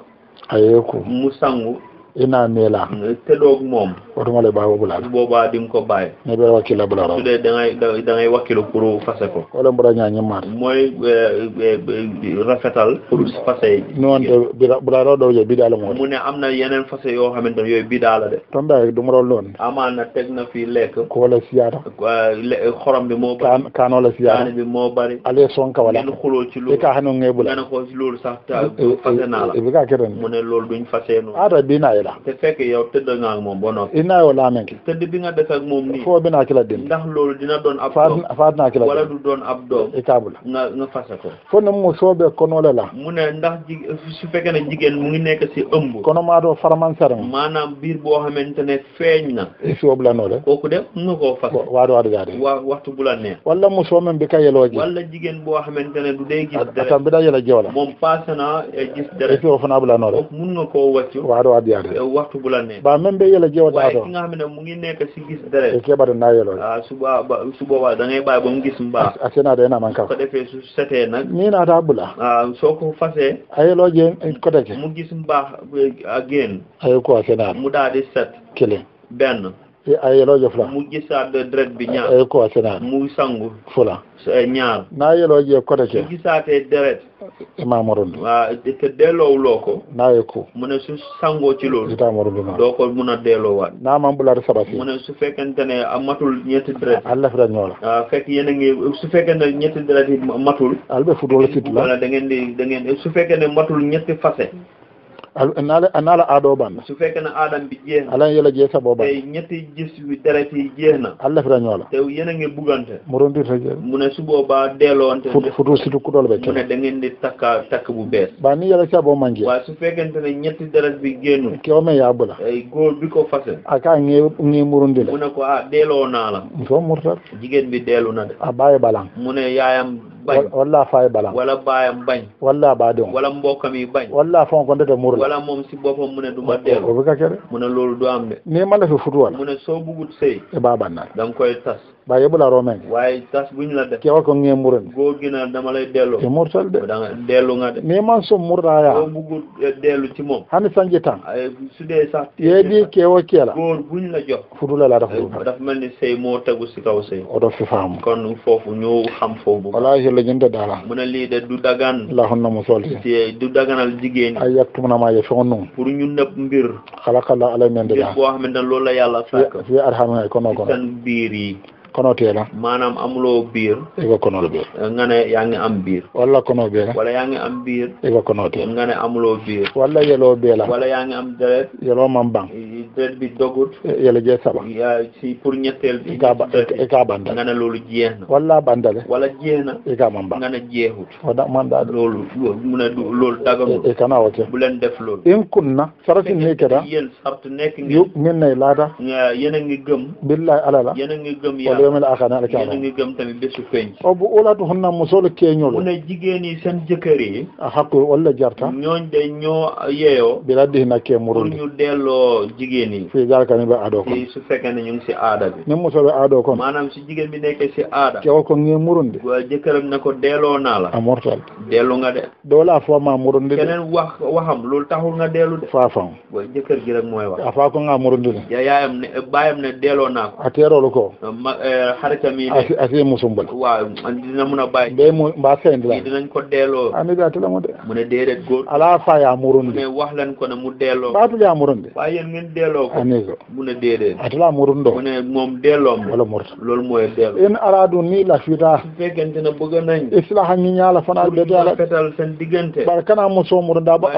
ay yeeku. mu sangu. ina neela. tedoog moom. waxtu ma lay baax boobu laa. su boobaa di ko bàyyi. ne bɛ wakil la bala. su dee da ngay da ngay wakilu pour fase ko. wala mu daal ñaari mooy eh, eh, rafetal. pour fase. non te bi la doo bi daal moo. mu ne am na yeneen fase yoo xamante ne yooyu bi daal la de. tontan du ma doon loon. amaan na teg na fi lekk. koo la siyaata. Eh, xorom bi moo. kaan kaanoo siyaata. kaan bi i ka xanu ngeen bula. la. i bi ka kɛ mu ne loolu duñ fase noonu. ah bi la te fekk yow tëdd nga ak moom bono inaayo laamenki tëdd bi nga def ak moom nii foo binaa kila din ndax loolu dina doon ab doom naa kila wala du doon ab doom ikaabu la nga nga fase ko fo ne mu soobee konole la mu ne ndax ji su fekkee ne jigéen mu ngi nekk si ëmb kono maa doo faraman sarang maanaam biir boo xamante ne feeñ na soobu la noo le kooku de mun nga koo fase waa doo adgaa waxtu bu la neex wala mu soomen bi ka yeloo ji wala jigéen boo xamante ne du day gis dara atam bi da yela jow la moom passé na gis dara la noo le mun nga koo wàcc waa doo waxtu bu la ne ba men be yela jewata ato waaye ki nga xam ne mu ngi nekk si gis dere e a na yelo a ah, suba ba suboba da ngay bàyyi ba mu gis mba a senata ena man kam ko defee su setee nag ni naata a ah, soo ko fasee a yeloo jeen côté ke mu gis mbaax a ah, génn ayo ko a senata mu daal di set kelen benn a yeloo je fula mu gisaat deret bi ñaar ayo ko a senata mu sangu fula ñaar a yeloo je côté ke mu gisaatee deret imamorol wa te delo wuloko naye ko mune su sango ci loolu itamorol ma doo ko delo wat na mam bulaata sabati mune su fekkente ne matul ñetti dret allafita ñoola wa fekk yene a ngi su fekkene ne ñetti dret matul albe fu do la la da ngeen di da ngeen su fekkene matul ñetti fasé naala naala aadoo ban su fekkee ne aadam bi jeex na alan yela jee saboo ban te ñetti gis wi deret yi jeex na allafita ñoola te yéen a ngi buggante mu doon dirta jee mu ne su boobaa deeloonte futu situ kudool be mu ne da ngeen di takka takk bu bees baa ni yela saboo man jee waaw su fekkente ne ñetti deret bi génnul keo me yaa bula góor bi ko fase aka ŋe ŋe murundi la mu ko ah deeloo naa la mu soo murtal jigéen bi deelu na a bàyyi balan mu ne bañ walla fay bala wala bayam bañ walla baadum wala mbokam yi bañ walla fon ko ndata murla wala moom si boppam mu du ma dellu o bi ka kere mu ne loolu du am de ni ma la fi futuwal mu ne soo bugut sëy e baaban naa da koy tas baye bularo men waaye tas buñ la def kewa ko ngeen muran goo gina dama lay dellu te murtal de dellu nga mais man so murraya boo buggu eh, dellu ci moom hani sanji tan su dee sax yeedi kewa keela góor buñ la jox fudula la dafa daf mel ni sëy moo tegu si kaw sëy odo fi faamu kon foofu ñoo xam foofu wala yella ñunta daala mu ne lii de du dagan lahon na mu solti eh, du daganal jigéen ay yaktum na ma ye fon nu pour ñu nëpp mbir xalaqala alay men de boo xam ne loolu la yàlla ay kono kono seen biir kono teela maanaam amuloo biir i ko konol biir nga ne yaa ngi am biir walla kono beela wala yaa am biir i ko kono teela nga ne amuloo biir walla yeloo beela wala yaa am deret yeloo mam bang deret bi dogut yelo jee saba si pour ñetteel bi i ka bandal nga ne loolu jeex na walla bandale wala jeex na i ka mam bang nga ne jeexut wada man mu loolu daganul i kana wo ke bu leen def loolu in kunna saratin ni keda nekk ngi yu min laata yéen a ngi gëm billahi alala yéen a ngi gëm yàlla yawm al akhir na la kaana ñu gëm tan desu feñ o bu ulatu hunna musol ñol ne jigéeni seen jëkkër yi hakku wala jarta ñooñ de ñoo yeyo bi la na ke murul ñu delo jigéeni fi zalika ni ba ado ko su fekke ne ñu ci aada bi ne musol ado ko manam ci jigeen bi nekk ci aada ke ko ngi murunde wa jëkkëram nako delo na la amortal delo nga de do la fo ma murunde keneen wax waxam lool taxul nga delu de faafam wa jëkkër gi rek moy wax afa ko nga murunde ya yaayam ne bayam ne delo na ko atero ko eh, xaritam yi. as as yéen musu mbal. waaw dina mun a bàyyi. bee mu mbaa seen la. dinañ ko delloo. ah ni mu de. mu ne a góor. ala fa yaa muroon de. mais a lan ko ne mu delloo. baatu yaa muroon de. waaye yéen ngeen delloo ko. ani ko mu ne déedéet. atila muroon doo. mu ne moom delloo la fitaa. su fekkente ne bëgg nañ. islaha ñi ñaala fanaan. bee teel a fetal seen diggante. bari kanaa musoo muroon daa ba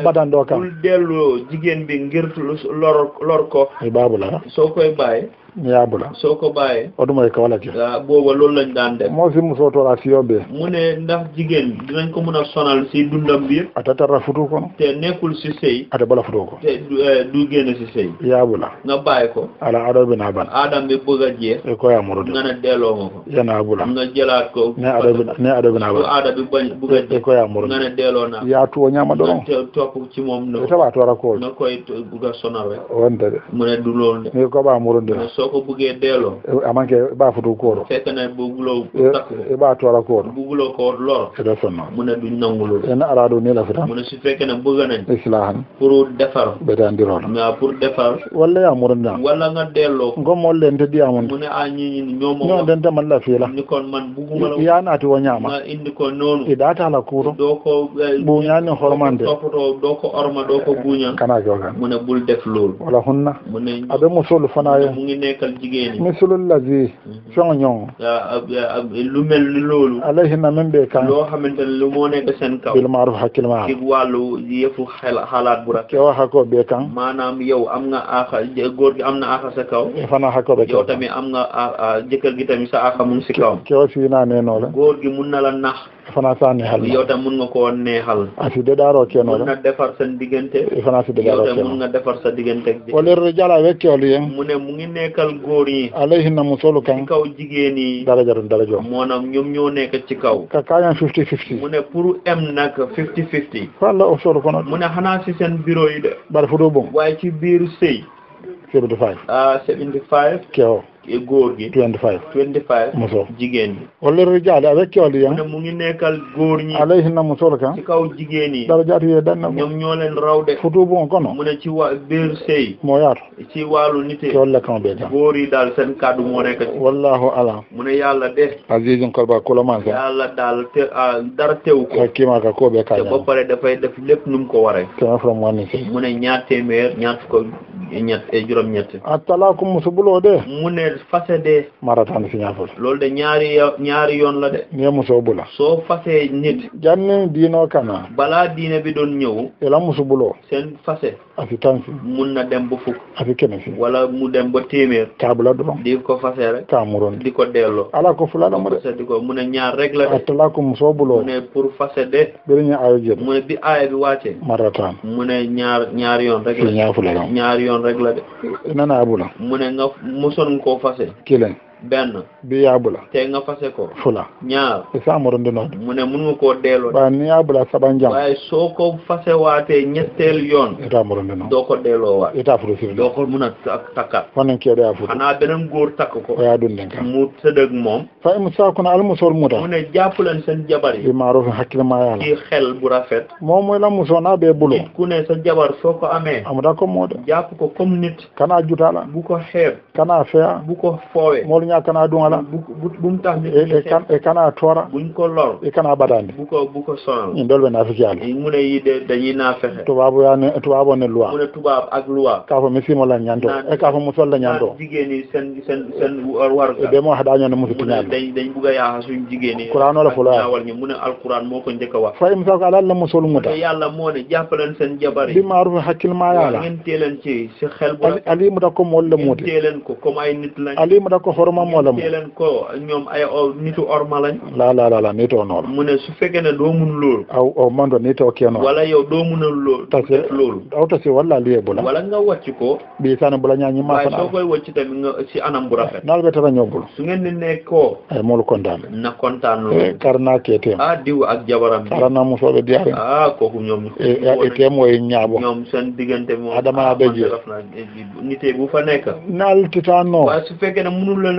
la soo koy bàyyi ñaabula soo ko bàyyee oɗumoye kawala ke booba moo si musoo toora siyo bee mu ne ndax jigéen dinañ ko mun a sonal si dundam bi ata tarra futu kono te nekkul si sëy ata bala futu ko te du eh, génn si sëy yaabula nga bàyyi ko ala ado bi naa ban adam bi bëgg a jeex e koy amuru de nga ne delloo ko yanaabula na jëlaat ko ne ado bi ne ado bi naa ban aada bi bañ bëgg a e, e koy amuru nga ne delloo naa yaa tuwo ñaama doron topp ci moom no tawa toora kool nga koy bëgg a sonal rek wonte de mu ne ko buge delo eh, amanke ba futu ko do fekana bugulo eh, tak e eh, ba to ala ko do bugulo ko lor e da sonna mun du nangulo en arado ne la fita mun si fekana bugana islahan pour defar be dan diro na pour defar walla ya murna walla nga delo ngomo len te diamon mun a nyi ni nyomo non den ta la fi la ni kon man buguma la ya na to wanyama ma indi ko nonu e da ta la ko do ko bu nyani hormande to do ko orma do ko bunya kana joga mun bul def lol wala hunna mun abe musol fana yo mun ne nekkal jigéen ñi. misalul o mhm. soññoo. lu mel ni loolu. alayhi na min bee kan. loo xamante ne lu moo nekk seen kaw. bil ma'ruf hakkil ma'ruf. ci wàllu yëfu xalaat bu rafet. yow xakoo bee kan. maanaam yow am nga aaxa góor gi am na aaxa sa kaw. fana xakoo bee kan yow tamit am nga jëkkër gi tamit sa aaxa si kawam. kii aussi naa fana sa neexal yow tam mun nga koo neexal aside daaroo keno mun na defar sa diggante fana aside daaroo keno yow tam mun nga defar sa diggante wala rijala wekkeolu yen mu ne mu ngi nekkal góor yi alayhi na musolu kan ci kaw jigéen yi darajatum darajo moonam ñoom ñoo nekk ci kaw ka kaañan fifty fifty mu ne pour m nag fifty fifty walla o solu kono mu ne xanaa si seen bureau yi de bari fu doo bon waaye ci biir sëy seventy five ah seventy five keo góor gi. 25 25. muso jigéen ñi. wala rijaali avec cooli yan. Ah. mu ngi nekkal góor ñi. alayhi na musol kan. Ah. ci kaw jigéen ñi. dara jaatu yee dana. ñoom ñoo leen raw de. futu bon kono. mu ne ci waa biir sey. moo yaatu. ci wàllu nite. cool góor yi daal seen kaddu moo nekk ci. wallaahu ala. mu ne yàlla de. azizun kalba kulaman sa. yàlla daal te ah, dara tew ko. ak kii maa ka koo bee kaa ba ko waree. kama from wàllu si. mu ne ñaar téeméer ñaar fukk ak ñett eh, juróom-ñett. atalaakum musu buloo de. fase de marataan si ñaafol loolu de ñaari yoon la de ñeemu soo bula soo fase nit janni diinoo kana balaa diine bi doon ñëw ila musu buloo seen fase asi tansi mun na dem ba fukk asi kene si wala mu dem ba téeméer kaabula dorom di ko fase rek kaamuron di ko delloo ala ko fuladamu de di ko mun ñaar rek la de attala ko musoo buloo mu ne pour fase de biriñu aaya jët mu ne bi aaya bi wàccee marataan mu ne ñaar yoon rek la ñaar yoon rek la de nana abula mu ne nga moson ko fácil. benn bi a te nga fase ko fula ñaar e sa moron de noon mu ne munu ko delloo ba ni yaabula saban jam waaye soo ko fase waatee ñetteel yoon eta moron de noon doo ko delloo a eta furu sir doo ko mun a takkat wannan kee daa furu xanaa beneen góor takk ko oya dun den ka mu sëdëg moom fay mu saakuna al musoor muta mu ne jàppaleen seen jabar yi bi maaroof hakkilama yàlla ci xel bu rafet moom mooy la musoo naa bee bulo ku ne sa jabar soo ko amee amuda ko moo de jàpp ko comme nit ña kana dunga la bum tax e, e, e kana toora buñ ko lor e kana badandi bu ko bu ko sonal ñin dol ɓe nafiki yalla mu ne yi de dañuy naa fexe tubaab yaa ne tubaab o ne loi mu ne tubaab ak loi kaa fo mi simo la ñanto e kaa fo musol la ñanto jigéen yi seen seen seen war e de moo haɗañone musi tiñaal dañ dañ buga yaaxa suñ jigéen yi qouran ola fuloya wal ñi mu ne alqouran moo ko njëkk a wax fa im sako alal la musol muta yàlla moo ne jàppaleen yaala ngeen teeleen ko mool le muuti teeleen ko ko xorom ormam wala mu. leen ko ñoom ay nitu orma lañ. la la la la nitu noonu. mu ne su fekkee ne doo mun loolu. aw aw man doon nitu kenn. wala yow a loolu. tase loolu. aw tase wala lu yebbu la. wala nga wàcc ko. bii sànni bu la ñaar ñi maa. waaye naal ba tara ñobbul. su ngeen di nekkoo. ay moolu kontaan. na kontaan loolu. Eh, kar naa kee teem. ah diw ak jabaram bi. kar naa musoo ba diyaare. ah kooku ñoom. Eh, eh, teem mooy ñaabo. ñoom seen diggante moom. adama abeg naal titaan noo.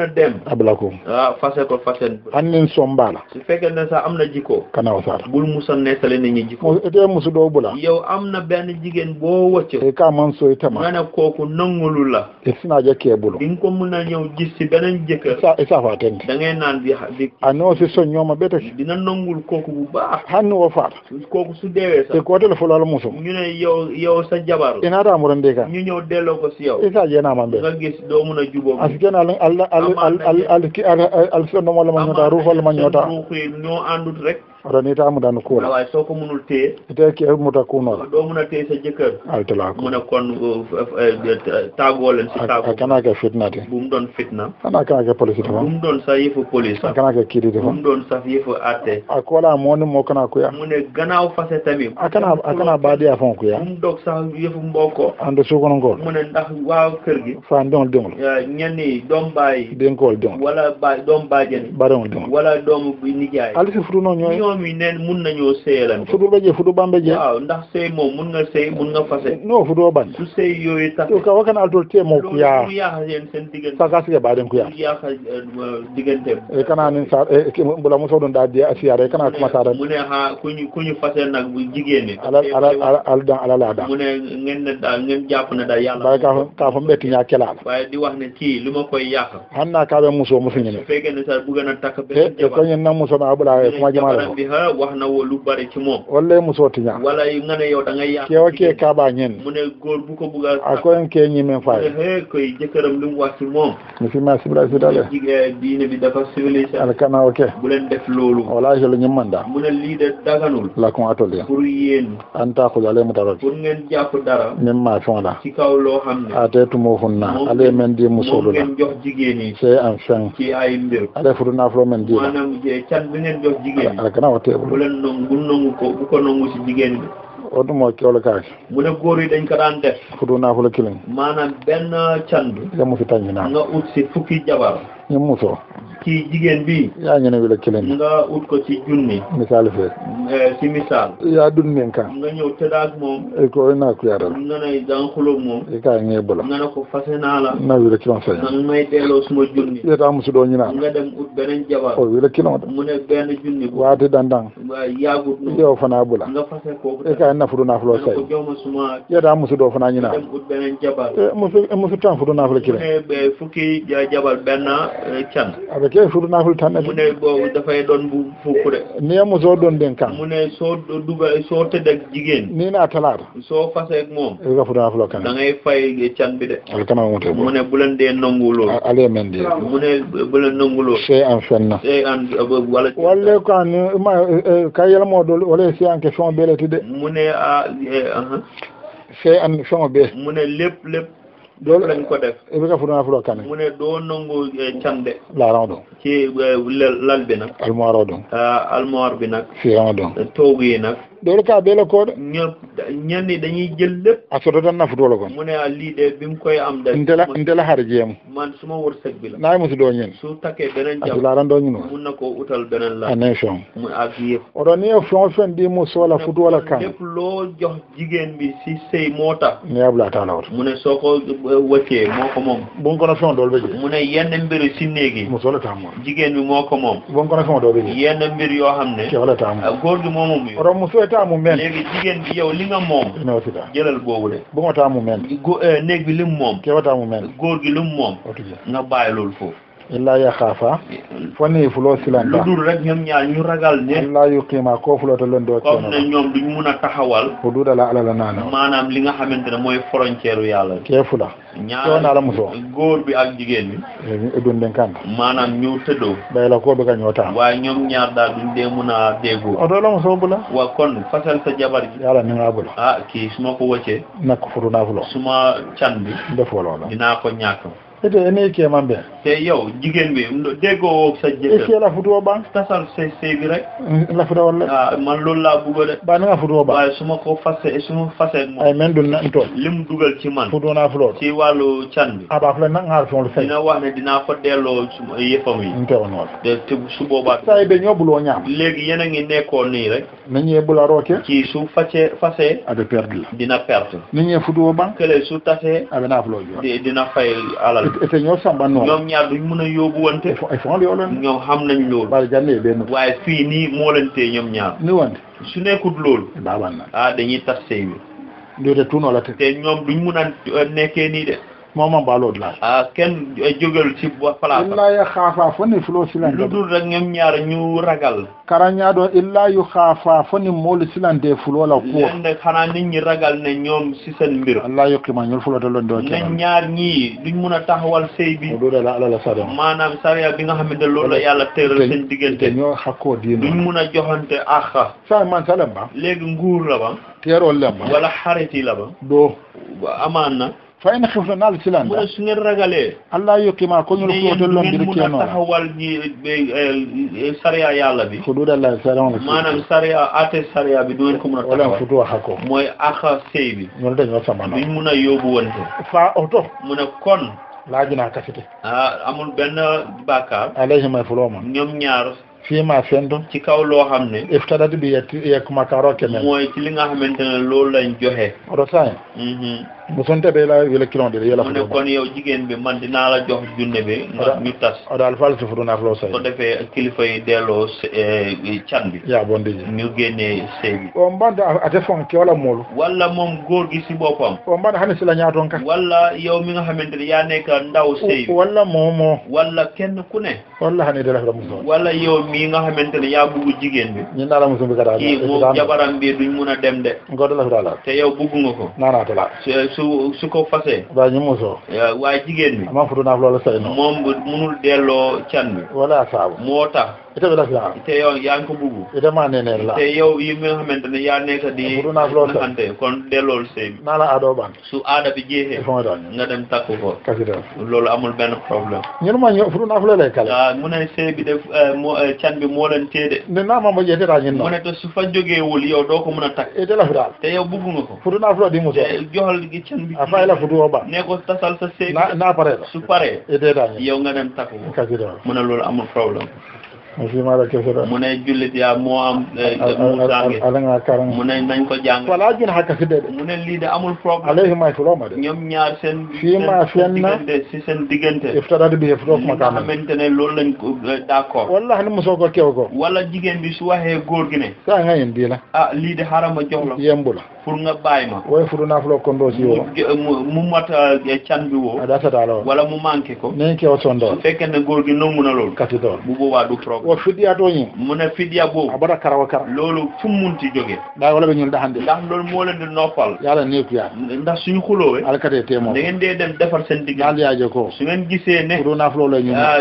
a dem abla ko ah fase ko am fasen somba la. su fekkee ne sax am na jikko kana wasaata bul musa nettali nit ñi jikko ete musu doo bula yow am na benn jigéen boo wacce e ka man soy tama nga ne kooku nangulu la e sina ja bulu di nga ko mun a ñëw gis si beneen jëkkër sa safa tente da ngay naan bi di a noo si soñ ñooma bete dina nangul kooku bu baax hanni wa faata kooku su deewee sax e koo tele fulala musu ñu ne yow yow sa jabar inaata amurande ka ñu ñëw delloo ko si yow sa isa jeenaaman be nga gis doo mun a juboo as kenn al al al al al ki al al ki on walla ma ñoota ruux walla ma ñoota ruux rek oɗon itamuɗano kuula awa soko munul teye teki muta la ɗo muna teye so jëkkër altala ah, muna kon uh, eh, eh, tagolen si ah, tago kanake fitna de ɗum don fitna police defa ɗum sa yefu police a kanake kiiri defa de sa yefu atte a mo moni mo kana kuya ne ganaw fase akana akana baadi a fon kuya ɗum dog sa yefu mboko ande sukonongol ne ndax keur kergi fa Ya dengol dom wala dom dom wala dom nijaay non ñoy doom yi neen mun nañoo seeyalante. fudu ba je fudu bamba je. waaw ndax seey moom mun nga seey mun nga fase. non fudu ban. su seey yooyu tax. ka wa kana altol te mo ku yaa. loolu mu yaaxa yéen seen diggante. sa kaasige ku yaa. yaaxa euh, diggante. e kana nin sa e eh, daa di asiyare e kana kuma saara. mu ne ku ñu fase nag bu jigéen ñi. ala ala ala ala dan ala laa dan. mu ne ngeen ne daal ngeen jàpp ne daal waaye di wax ne kii lu ma koy yàq. xam naa kaa be muso musu ñene. su fekkee ne sax eh, bu gën a takk kuma jama la ko. biha wax na wo lu bare ci moom walla musoo tiña walla nga ne yow da ngay yaa kewa kee kaaba ñen mu ne góor bu ko bugga a ko en kee ñi men faay he koy jëkkëram lu wax ci moom mi fi ma sibra si dale diine bi dafa civilisation al kana oke bu leen def loolu wala je lu ñu manda mu ne lii de daganul la ko atol ya pour yeen an taxul ale mu dara pour ngeen jàpp dara même ma fon la ci kaw loo xam ne ateetu moo fun na ale men di musolu la ngeen jox jigéen yi c'est en fin ci ay mbir ale futu naa flo men di la maanaam can bi ngeen jox jigéen nawatee bu leen nangu bu nangu ko bu ko nangu si jigéen bi o ɗum o kewlo kaake mune goori ɗen ko ɗan def fudu nafulo kilin manam benn candu yemmusi tañina nga ut si fukki jabar ñemmuso ci jigéen bi yaa ngi ne wila kelen nga ut ko ci junni misaal fe si eh, misaal yaa dun min kan nga ñëw tëdaak moom e ko naa ku yaaral nga ne danga xulóog moom i eh, kaa ngee bula nga ne ko fase naa la na wila kilan sañ nga may delloo suma junni yetaa musu doo ñinaa nga dem ut beneen jabar o oh, wila kilan mu ne benn junni waati dandang yaagut nu yow fanaa bula nga fase kooku i kaa na naafuloo na ko jowma suma yetaa musu doo fanaa ñinaa dem ut beneen jabar musu musu tan furu naafula kilan fukki jabar benn can avec te fuɗo naful tannete mune da fay ɗon bu fukude niyamo so ɗon ɗen kan mune so duga so jigen ni na talata so fasek moom ga fuɗo nafulo kan da ngay fay bi de alkana mute mune len de nongulo ale men de mune bulen nongulo sey an fenna sey an wala wala ko an ma e, e, kayelmo ɗo wala sey an question ɓelete de mune a e, sey an feŋo ɓe mune lepp lepp dole dañ ko def e be ka funa fulo kane mu ne do eh, ci eh, lal bi nak almoir do ah bi nag. fi raw do yi nag. dole ka bela ko de ni dañuy jël lépp a soto tan nafutola kon mu ne a lii de bim koy am da ndela ndela har jeemu man suma wër wërsëg bi la naay musu do ñen su takkee benen jam la ran do ñu mun na ko utal benen la ané fion mu ak yëf o do e fion fen di mu so la soola futuola kan lepp lo jox jigen bi ci sey moo tax ni abla taala wata mu ne soo ko moko e, mom ko moom bu mu kono fion dool ba mu ne yenn mbir ci neegi mu so la ta moom jigen bi moo ko moom bu mu kono fion dool ba yenn mbir yoo xam ne ke wala taa moom góor gi moomu mu may taamu men léegi jigéen bi yow li nga moom no sida jëlal boobu de bu ma taamu men euh, néeg bi li mu moom kewa taamu men góor gi li mu moom nga bàyyi loolu foofu illaa yakaafa foni fulo silanta lu dul rek ñoom ñaar ñu ragal ne allaa yuqiima ko fuloota lon di waccoo na ñoom duñ mun a taxawal huduuda la ala la naana maanaam li nga xamante ne mooy frontière yàlla kee fula ñaar naa la musoo góor bi ak jigéen bi dun den kanta maanaam ñu tëddoo bay la koo bi ka ñoo taa waaye ñoom ñaar daal duñ dee mun a o odoo la musoo bula waaw kon fasal sa jabar ji yàlla ni ngaa bula ah kii su ma ko wëccee nakk futu naa fulo su ma bi defoo dinaa ko ñàkk ete ene keman te yow jigéen bi déggoo sa jëkkër est ce que lafutoo ban tasal say say bi rek lafuta walla ah, man loolu laa buggo de ba ni nga futoo su ma ko fase su ma fase moom ay men dun li mu dugal ci man futoo naa fulool ci wàllu can bi abaa ah, fula nag ngaa feŋolu dinaa ko delloo suma yëfam yi nte woon wala de te su boobaa say be ñoo ñaam léegi yéen a ngi nekkoon nii rek ni ñee bula rooke ci su fase fase ada perte la dina perte ni ñee futoo ban kële su tasee abe naa fuloo dina fay alal te ñoo sàmbandoo. ñoom ñaar duñ mën a yóbbuwante. il faut il faut yoo leen. ñoom xam nañ loolu. bari jànnee benn. waaye fii nii moo leen tee ñoom ñaar. ni wante su nekkut loolu. Eh, baaban na ah dañuy tas sey wi. doote tuunoo la te. te ñoom duñ mën a nekkee nii de. moom am baaloo di laaj. Ah, kenn eh, jógelu ci place am. illaa ya ñu ragal. karañaa doon illaa yu xaafaa fo ni moolu silante fuloo la. ku leen de xanaa nit ñi ragal ne ñoom si seen mbir. allah yokk ma ñun fuloo delloo doon kenn. ne ñaar ñii duñ mun a taxawal sëy bi. lu dul la ala la sariya. maanaam sariya bi nga xamante loolu la yàlla tëral seen diggante. te ñoo xàkkoo diinu. mun a joxante àq. saa man sa lemba. léegi nguur la ba. teeroo lemba. wala xarit yi la ba. doo. amaan fa in xifna naal silanda su ngeen ragalee allah yuqima ko ñul ko te lon diri kee noonu taxawal ñi eh, sariya yàlla bi hudud allah salaam maanaam sariya ate sariya bi doon ko mën a taxawal futu wax ko mooy axa sëy bi ñol dañoo sama duñ mun a yóbbu wante fa oto mu ne kon laaj naa kafite ah amul benn bàkkaar alayhi may fuloo ma ñoom ñaar fii ma fentu ci kaw loo xam ne iftadat bi yekk ma kaaroo kemel mooy ci li nga xamante ne loolu lañ joxe bu sonte be la yela kilon de yela mu ne kon yow jigéen bi man dinaa la jox junne bi nga ñu daal fal sufu naa flo say ko defee kilifa yi delloo eh, eh, can bi yaa bon diji ñu génnee sey bi o mbanda ate fonke wala moolu wala moom góor gi si boppam o mbanda xam si la ñaatoon ka wala yow mi nga xamante ne yaa nekk ndaw sey bi moo moo wala kenn ku ne wala xam ne dala fi muso wala yow mi nga xamante ne yaa jigéen bi ñu naa la muso bi ka daal kii moom jabaram a dem de ngoo dala fi daal te yow bugg nga ko naanaata laa su su ko fase baa ñu muusoo waaye jigéen bi aman futu naaf loolu sëy na moom munul delloo can bi wala saabu moo tax ite bi la fi ite yow yaa ngi ko ite maa neeneer la ite yow yi nga xamante ne yaa nekk di. bu dul loo xamante kon naa la aadoo ban. su aada bi jeexee. nga dem takku ko. kasi loolu amul benn problème. ñun ma ñëw fu dul naaf la lay kale. waaw mu ne bi def euh, moo euh, bi moo tee de. naa ma ma jeexit daal ñun. mu ne te su fa jógee wul yow doo ko mën a takk. ite la fi te yow bugg ko. fu dul naaf la di muso. joxal gi can bi. a fay la fu dul ne ko tasal sa sëy bi. nga dem takku ko. kasi mu ne loolu muslima da kese da mu ne jullit yaa moo am mu jànge mu ne nañ ko jàng wala jun hakka sidde mu ne lii de amul problème alayhi ma fuloma de ñoom ñaar seen fii ma fenna si seen diggante iftada bi hef rof ma kaam xamante ne loolu lañ ko eh, d'accord wallahi ni mosoo ko keew ko wala jigéen bi su waxee góor gi ne sa nga yeen bii la ah, lii de xarama jox la yembu la pour nga bàyyi ma woy fuɗu nafulo konndo si o mu mata canbi wo aɗa asatala o walla mu manque ko nen kew sondo so fekkene gorgi nommuna loolu kasitoo bu boobaa du problème o fiɗɗiya toñi mune fiɗɗiya boobu a baɗa karawa kara loolu fummunti jogee ɗa wala ɓe ñulɗa hannde ndax loolu moo leen di noppal yala nekuya ndax suñu xuloowe alkate teemo da ngeen dee dem defar seen digg daal yaajo ko su ngeen gisee ne fuɗu nafulo la ñu ah,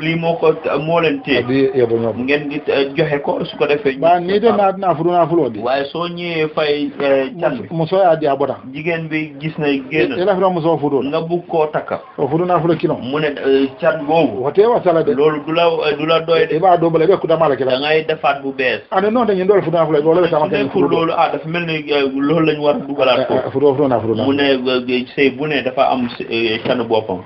lii moo ko moo leen tee di yebo ñoom ngeen di eh, ko su ko defee ba nii de naa naa fuɗu nafulo sooy. Euh, can bi mu sooy aadi a bota jigéen bi gis na génn ela fira mu soo fudu nga bug koo takka o fudu naa fula kilo mu ne euh, can boobu wote wasala de loolu du la euh, du la doy de i b'a doo bala i bɛ kutama la kila da ngay defaat bu bees ane ah, noon dañu dool fudu naa fula loolu tama kenn fudu dafa mel ni loolu lañu war a dugalaat ko fudu fudu naa fudu naa mu ne dafa am canu boppam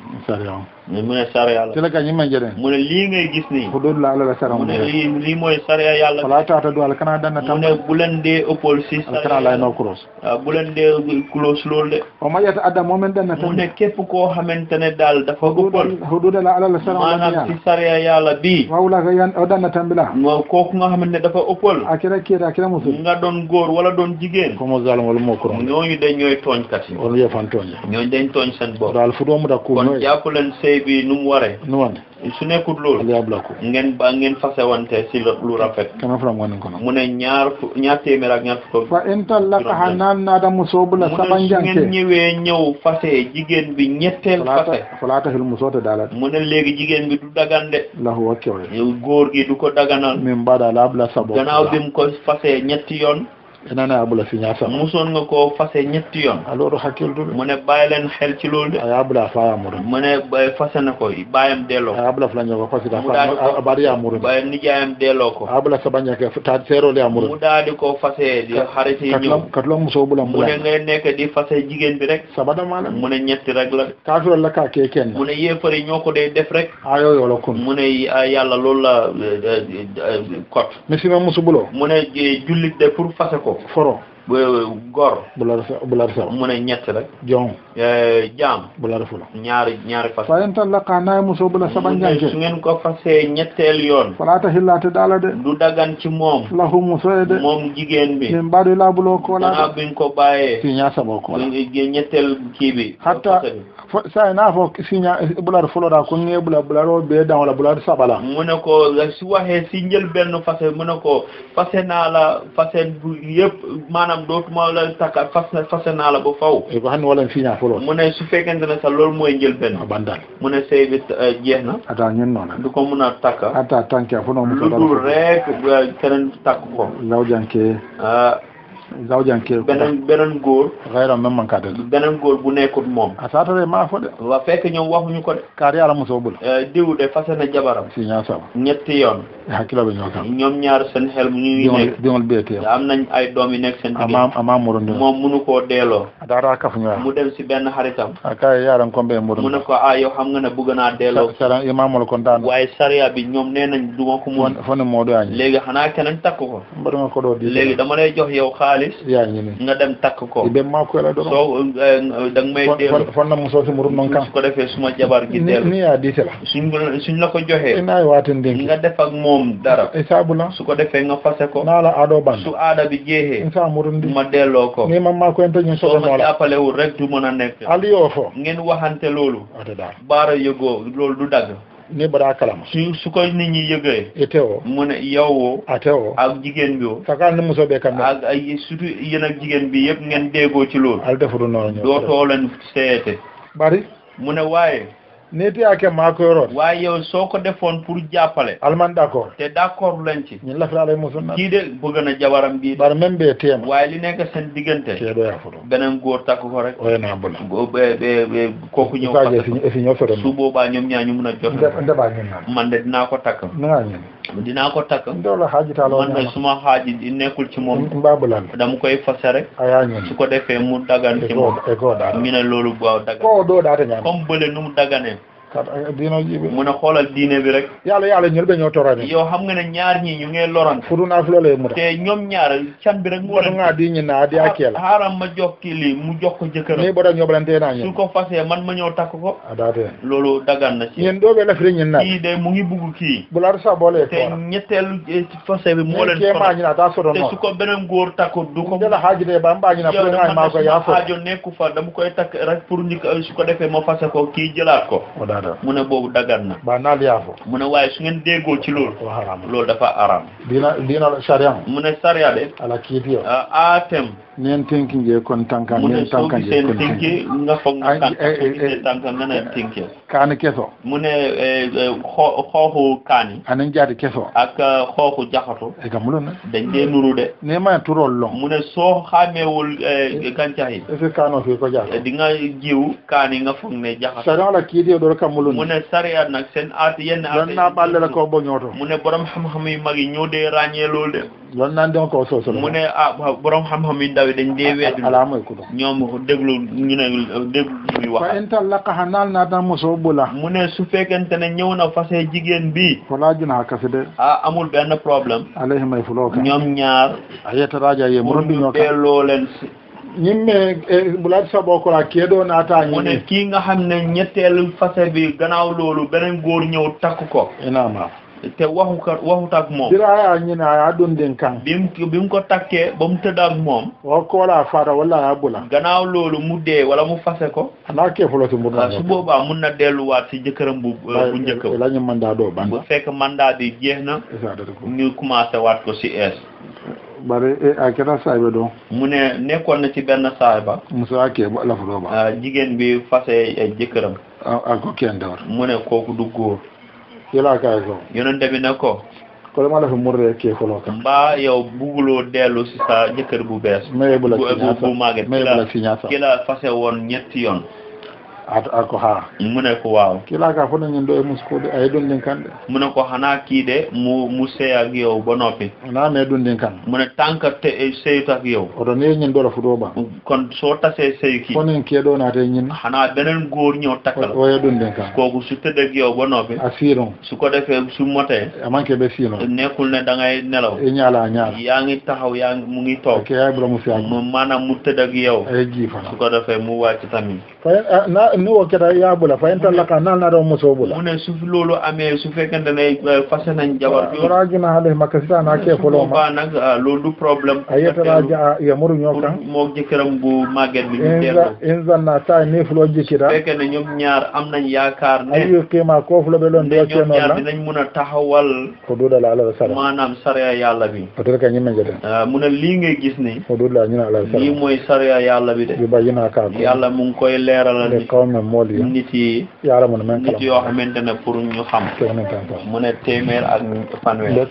mu ne sariya yàlla. ci la gaañ ma jëlee. mu ne lii ngay gis nii. bu doon laa a sariya mu ne lii lii mooy sariya yàlla. voilà taata du al kana dana tam. mu ne bu leen dee ëppool si. sariya alkanaa laay noo kuloos. waaw bu leen dee kuloos loolu daal dafa ëppool. bu doon la ala la sariya yàlla maanaam si sariya o dana tam bi la. nga xamante dafa ëppool. akira kii akira musul. nga doon góor wala doon jigéen. comme Moussa wala moo kuroon. ñooñu dañ ñooy tooñkat yi. wala yëfan tooñ. ñooñu dañ tooñ seen bopp. daal fu doomu da ko. kon jàpp leen sey bi nu mu waree. nu mu waree su nekkut loolu. ngeen ba ngeen fasawante si lu rafet. kama fula mu ko mu ne ñaar ñaar téeméer ak ñaar fukk. fa intal la taxa naan naa damm soobu la. mu ne su ngeen ñëwee ñëw fase jigéen bi falaata xil soote daala. mu ne léegi bi du dagan de. lahu wa kéwéer. góor gi du ko daganal. min baada la abla sabo. gannaaw ko fase ñetti yoon. ina ne abula si ñaata. musoon nga koo fase ñetti yoon. alors ah, hakil du mu ne leen xel ci loolu de. a abula fa amuru. mu fase na ko bàyyam delloo. a abula fila ñëw fase nijaayam delloo ko. a abula saba ñàkk taa seeroli amuru. mu daal di koo di fase jigéen bi rek. saba damaa la. mu ne ñetti rek la. kaafiro la kaa kee kenn. ñoo ko dee def rek. a yoo yoo yàlla loolu la euh, euh, euh, kot. misi ma musu buloo. mu ne eh, de pour fase ko oo faro gor. bu la rafet bu la a mu ne ñett rek. jom. Eh, jaam. bu la rafet ñaari ñaari fas. fa in talaqa naay muso bu la saban njànke. ñetteel yoon. falaa tahillaati daala de. du dagan ci moom. lahu musoye de. moom jigéen bi. min baadu laa buloo ko ko bàyyee. si ñaar saboo la. ñetteel kii bi. hatta fo saa yi naa fɔ si ña bu la rafet la ko ngeen bu la bu la rafet bee saba la. mu ne ko fase naa la fase bu yëpp maanaam dootuma la takka fas fase naa la ba faw e eh, ko hanni walla mi fiña folo mu ne su fekkente ne sax loolu mooy njëlbeen bandal mu ne sëy bi euh, jeex na ata ñen noona du ko mun a takka a fono mu lu dul rek euh, keneen takk ko zawjan keew beneen góor xayran même man beneen góor bu nekkut moom a ah, satare maa fo de wa fekk ñoom waxuñu ko de kaari ala mosoo bul eh, diw de fase jabaram si ñaar sab ñetti yoon hakkilo ah, ɓe ñoom ñaar seen xel mu ñuy nekk diŋol biyete am nañ ay doom yi nekk seen a kay yaram combe morondi mu ne ko ah yow xam nga ne bëgg ko mun ne moo doyañ léegi xanaa keneen takk ko mbaɗuma ko ɗoo di léegi dama lay jox yow xaali xaalis. yaa ngi nii nga dem takk ko. ibe maa ko yàlla doon soo euh, euh, da nga may. delloo fon fon na musoo si murum man kan. su ko defee suma jabar gi delloo. ni yaa diise la. suñ suñ la ko joxee. inaay waati ndénki nga def ak moom dara. isaabu la su ko defee nga fase ko. naa la aadoo ban. su aada bi jeexee. incha murum di ma delloo ko. ni ma maa ko yàlla doon ma jàppale wul rek du mën a nekk. ali yoo fo. ngeen waxante loolu. waaw te daal baara yëgoo loolu du dagg. ne baɗa kalama su su koy nit ñi yëgee ete o mu ne yow o ate o ak jigéen bi o faka alni musoo ɓe kam ak ay surtout yéen ak jigéen bi yëpp ngeen déggoo ci loolu al defudu noonu ñoo doo too leen seete bari mu ne waaye niti ake makoyoroɗe waawi yow soo ko defoon pour jàppale alman d' te d' accord lañ ci ñin lafiraalay musunna kii de bëgg na jabaram bii bar même ɓe waaye li nekk seen diggante beneen góor takk ko rek oye naa bula kooku ñëw si ñëw soto su boobaa ñoom ñaa ñu mun a jot ndeɓaa ñun naa man de dinaa ko takk naa ñun dinaa ko takk. Ndawla Hadj Talla man nag suma Hadj nekkul ci moom. Mbabulane dama koy fasare. aywa ah, su ko defee mu dagan ci moom. égo égo daal ne loolu bu baax dagan. koo doo daate ñaar comme bële nu mu daganee. kat ak mun a xoolal diine bi rek yàlla yàlla ñun dañoo torani yow xam nga ne ñaar ñi ñu ngey loran fudun af loolee mu te ñoom ñaar can bi rek mu ngaa di ñi naa di akeel xaaral ma jox ki mu jox ko jëkkër nii bo da ñobalantee naa ñu su ko fasee man ma ñëw takk ko adaate ah, loolu dagan na ci ñeen doobee lafiri ñin naa kii de mu ngi bugg kii bu laata sa boolee te ñetteelu eh, fasé bi moo leen kéemaa ñi naa daa soto te su ko beneen ba mbaa ñi naa maa ko fase ko kii jëlaat ko oh, mu ne boobu dagan na. ba naal yaafo. mu ne waaye su ngeen déggoo ci loolu. loolu dafa aram. dina dina sharia mu ne sariya de. ala kiitiyo. ah atem. nen tinki je kon tanka nen tanka je kon tinki nga fog tanka nana tinki kaani keso mune eh, eh, xoxu kaani anan jaati keso ak eh, xoxu jaxatu e kam lon dañ de nuru de ne ma turol long mune so xamewul gancax yi e di nga jiw kaani nga fog ne jaxatu sara la ki de do kam lon mune sariya nak sen at yenn at lan na balle la ko bo ñoto mune borom xam xam yi magi ñoo de ndaw yi dañ dee weddu ñoom déglu ñu ne déglu wax fa in talaqaha naal naa mosoo bula mu ne su fekkente ne ñëw na fase jigéen bi walaa junaa kasi de ah amul benn problème alayhi may fulooka ñoom ñaar ayetaraja ye mu ñu delloo leen ñimme bulaaj sabokola kee doo naataa mu ne kii nga xam ne ñetteelu fase bi ganaaw loolu beneen góor ñëw takk ko inaama te waxu ko waxut moom. a y'a doon den kan. bi mu bi mu ko takkee ba mu tëdd moom. waaw koo la faata wala a y'a bula. gannaaw loolu mu dee wala mu fase ko. n'a kee fɔlɔ si mun ah, na. su boobaa mun na delluwaat si jëkkëram bu bu njëkk. Eh, la ñu mandat doo ban. bu fekk mandat bi jeex na. ñu commencé waat ko si es. bari eh, a kɛra sahiba dɔn. mu ne nekkoon na ci benn sahiba. muso y'a kɛ lafu dɔ ba. Ah, jigéen bi fase eh, jëkkëram. a ko mu ne kooku du góor. yela ka so yonente bi ne ko ko dama def murree kee koloo kam mbaa yow buguloo dellu si sa jëkkër bu bees bu bu màgget ki la fase woon ñetti yoon ako ha mu ne ko waaw kiilaka fof nañen ɗo e muskude ayi ɗum ɗin kanɗe mu ne ko hana kiide mu mu seya ak yow ba noppi naa ɗum ɗin kan mu ne tanka te seyto ak yow oɗon ni ñin ɗora fuɗo ɓa kon so tase sey ki fonen keeɗo naate ñin hana benen goor ñoo takkal oye ɗum ɗin kan kooku su tëdd ak yow ba noppi a fiiron su ko defee su motee amanque ɓe fiino nekkul ne da ngay nelaw e ñaala ñaala yaa ngi taxaw yaa mu ngi toog o yaay bula mu maanaam mu tëdd ak yow ay jiifana su mu wàcc tamit Ah, na nuwo keta yaabula fayin tallaka nal na ɗon muso bula mu ne su loolu amee su fekkente eh, nañ jabar bi wora juna ale makka sita ah, loolu problème a ja yamuru ñoo kan moo jëkkëram bu màgget bi ñu teelo in zanna ta nañ la dinañ mun a taxawal ko du dala ala sara maanaam sariya yàlla bi peut-être que ñi men jete ah, mu ne lii gis ni ko du dala ñu ala sara lii mooy de yu ba yina leeralal ah. nit yi nit yoo xamante ne pour ñu xam. mu ne téeméer ak fanweer.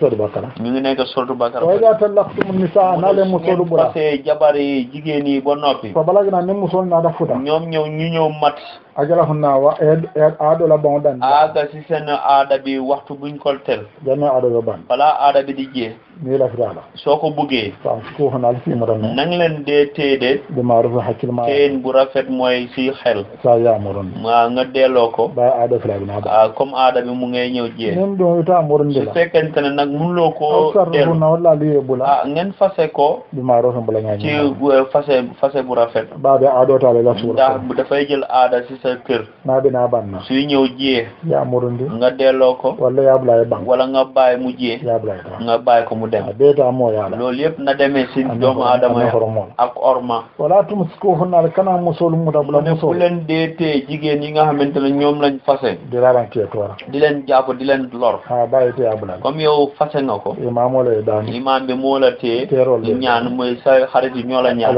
ñu ngi nekk sotu Bakar. waaye daa teel a xamul ni saa naa leen musoolu bu la. parce que jabar yi jigéen yi ba noppi. fa balaa gën a ne musool naa futa. ñoom ñëw ñu ñëw mat. a wa aɗola bonɗan aga si seno aɗa ɓe waktu buñ koltel janno aɗoyo ban wala aɗa ɓe ɗijje milafitala soko buge sam ko hono alfimorone nanglen de teede de marufu hakkillema teen bu rafet moy si xel sa yamoron ma nga deeloo ko ba ah, bi filaɓinaɗa a comme aɗa ɓe mu ngay ñëw jee nen ɗum ita moron de so fekkentene nag munloo ko sarfuna walla liye bula a ah, ngen fase ko de maroto mbulañaci eh, fase fase bu rafet baɓe aɗotale lasuura ndax dafay jël aɗa si sa kër. naa dinaa banna. suy ñëw jiyee. yaa murundi. nga delloo ko. wala yaa bilaay ban. wala nga bàyyi mu jiyee. yaa bilaay ban nga bàyyi ko mu dem. ah bee taa moo yaa loolu yëpp na demee si doomu aadama ya ak orma. voilà tuum si koo xam ne kana musoolu mu da. bu la musoo bu leen dee tee jigéen yi nga xamante ne ñoom lañ fase. di la ran kii di leen jàpp di leen lor. ah bàyyi te yaa bilaay. comme yow fase nga ko. imaam moo lay daan. imaam bi moo la tee. teerool de ñaan mooy sa xarit yi ñoo la ñaan.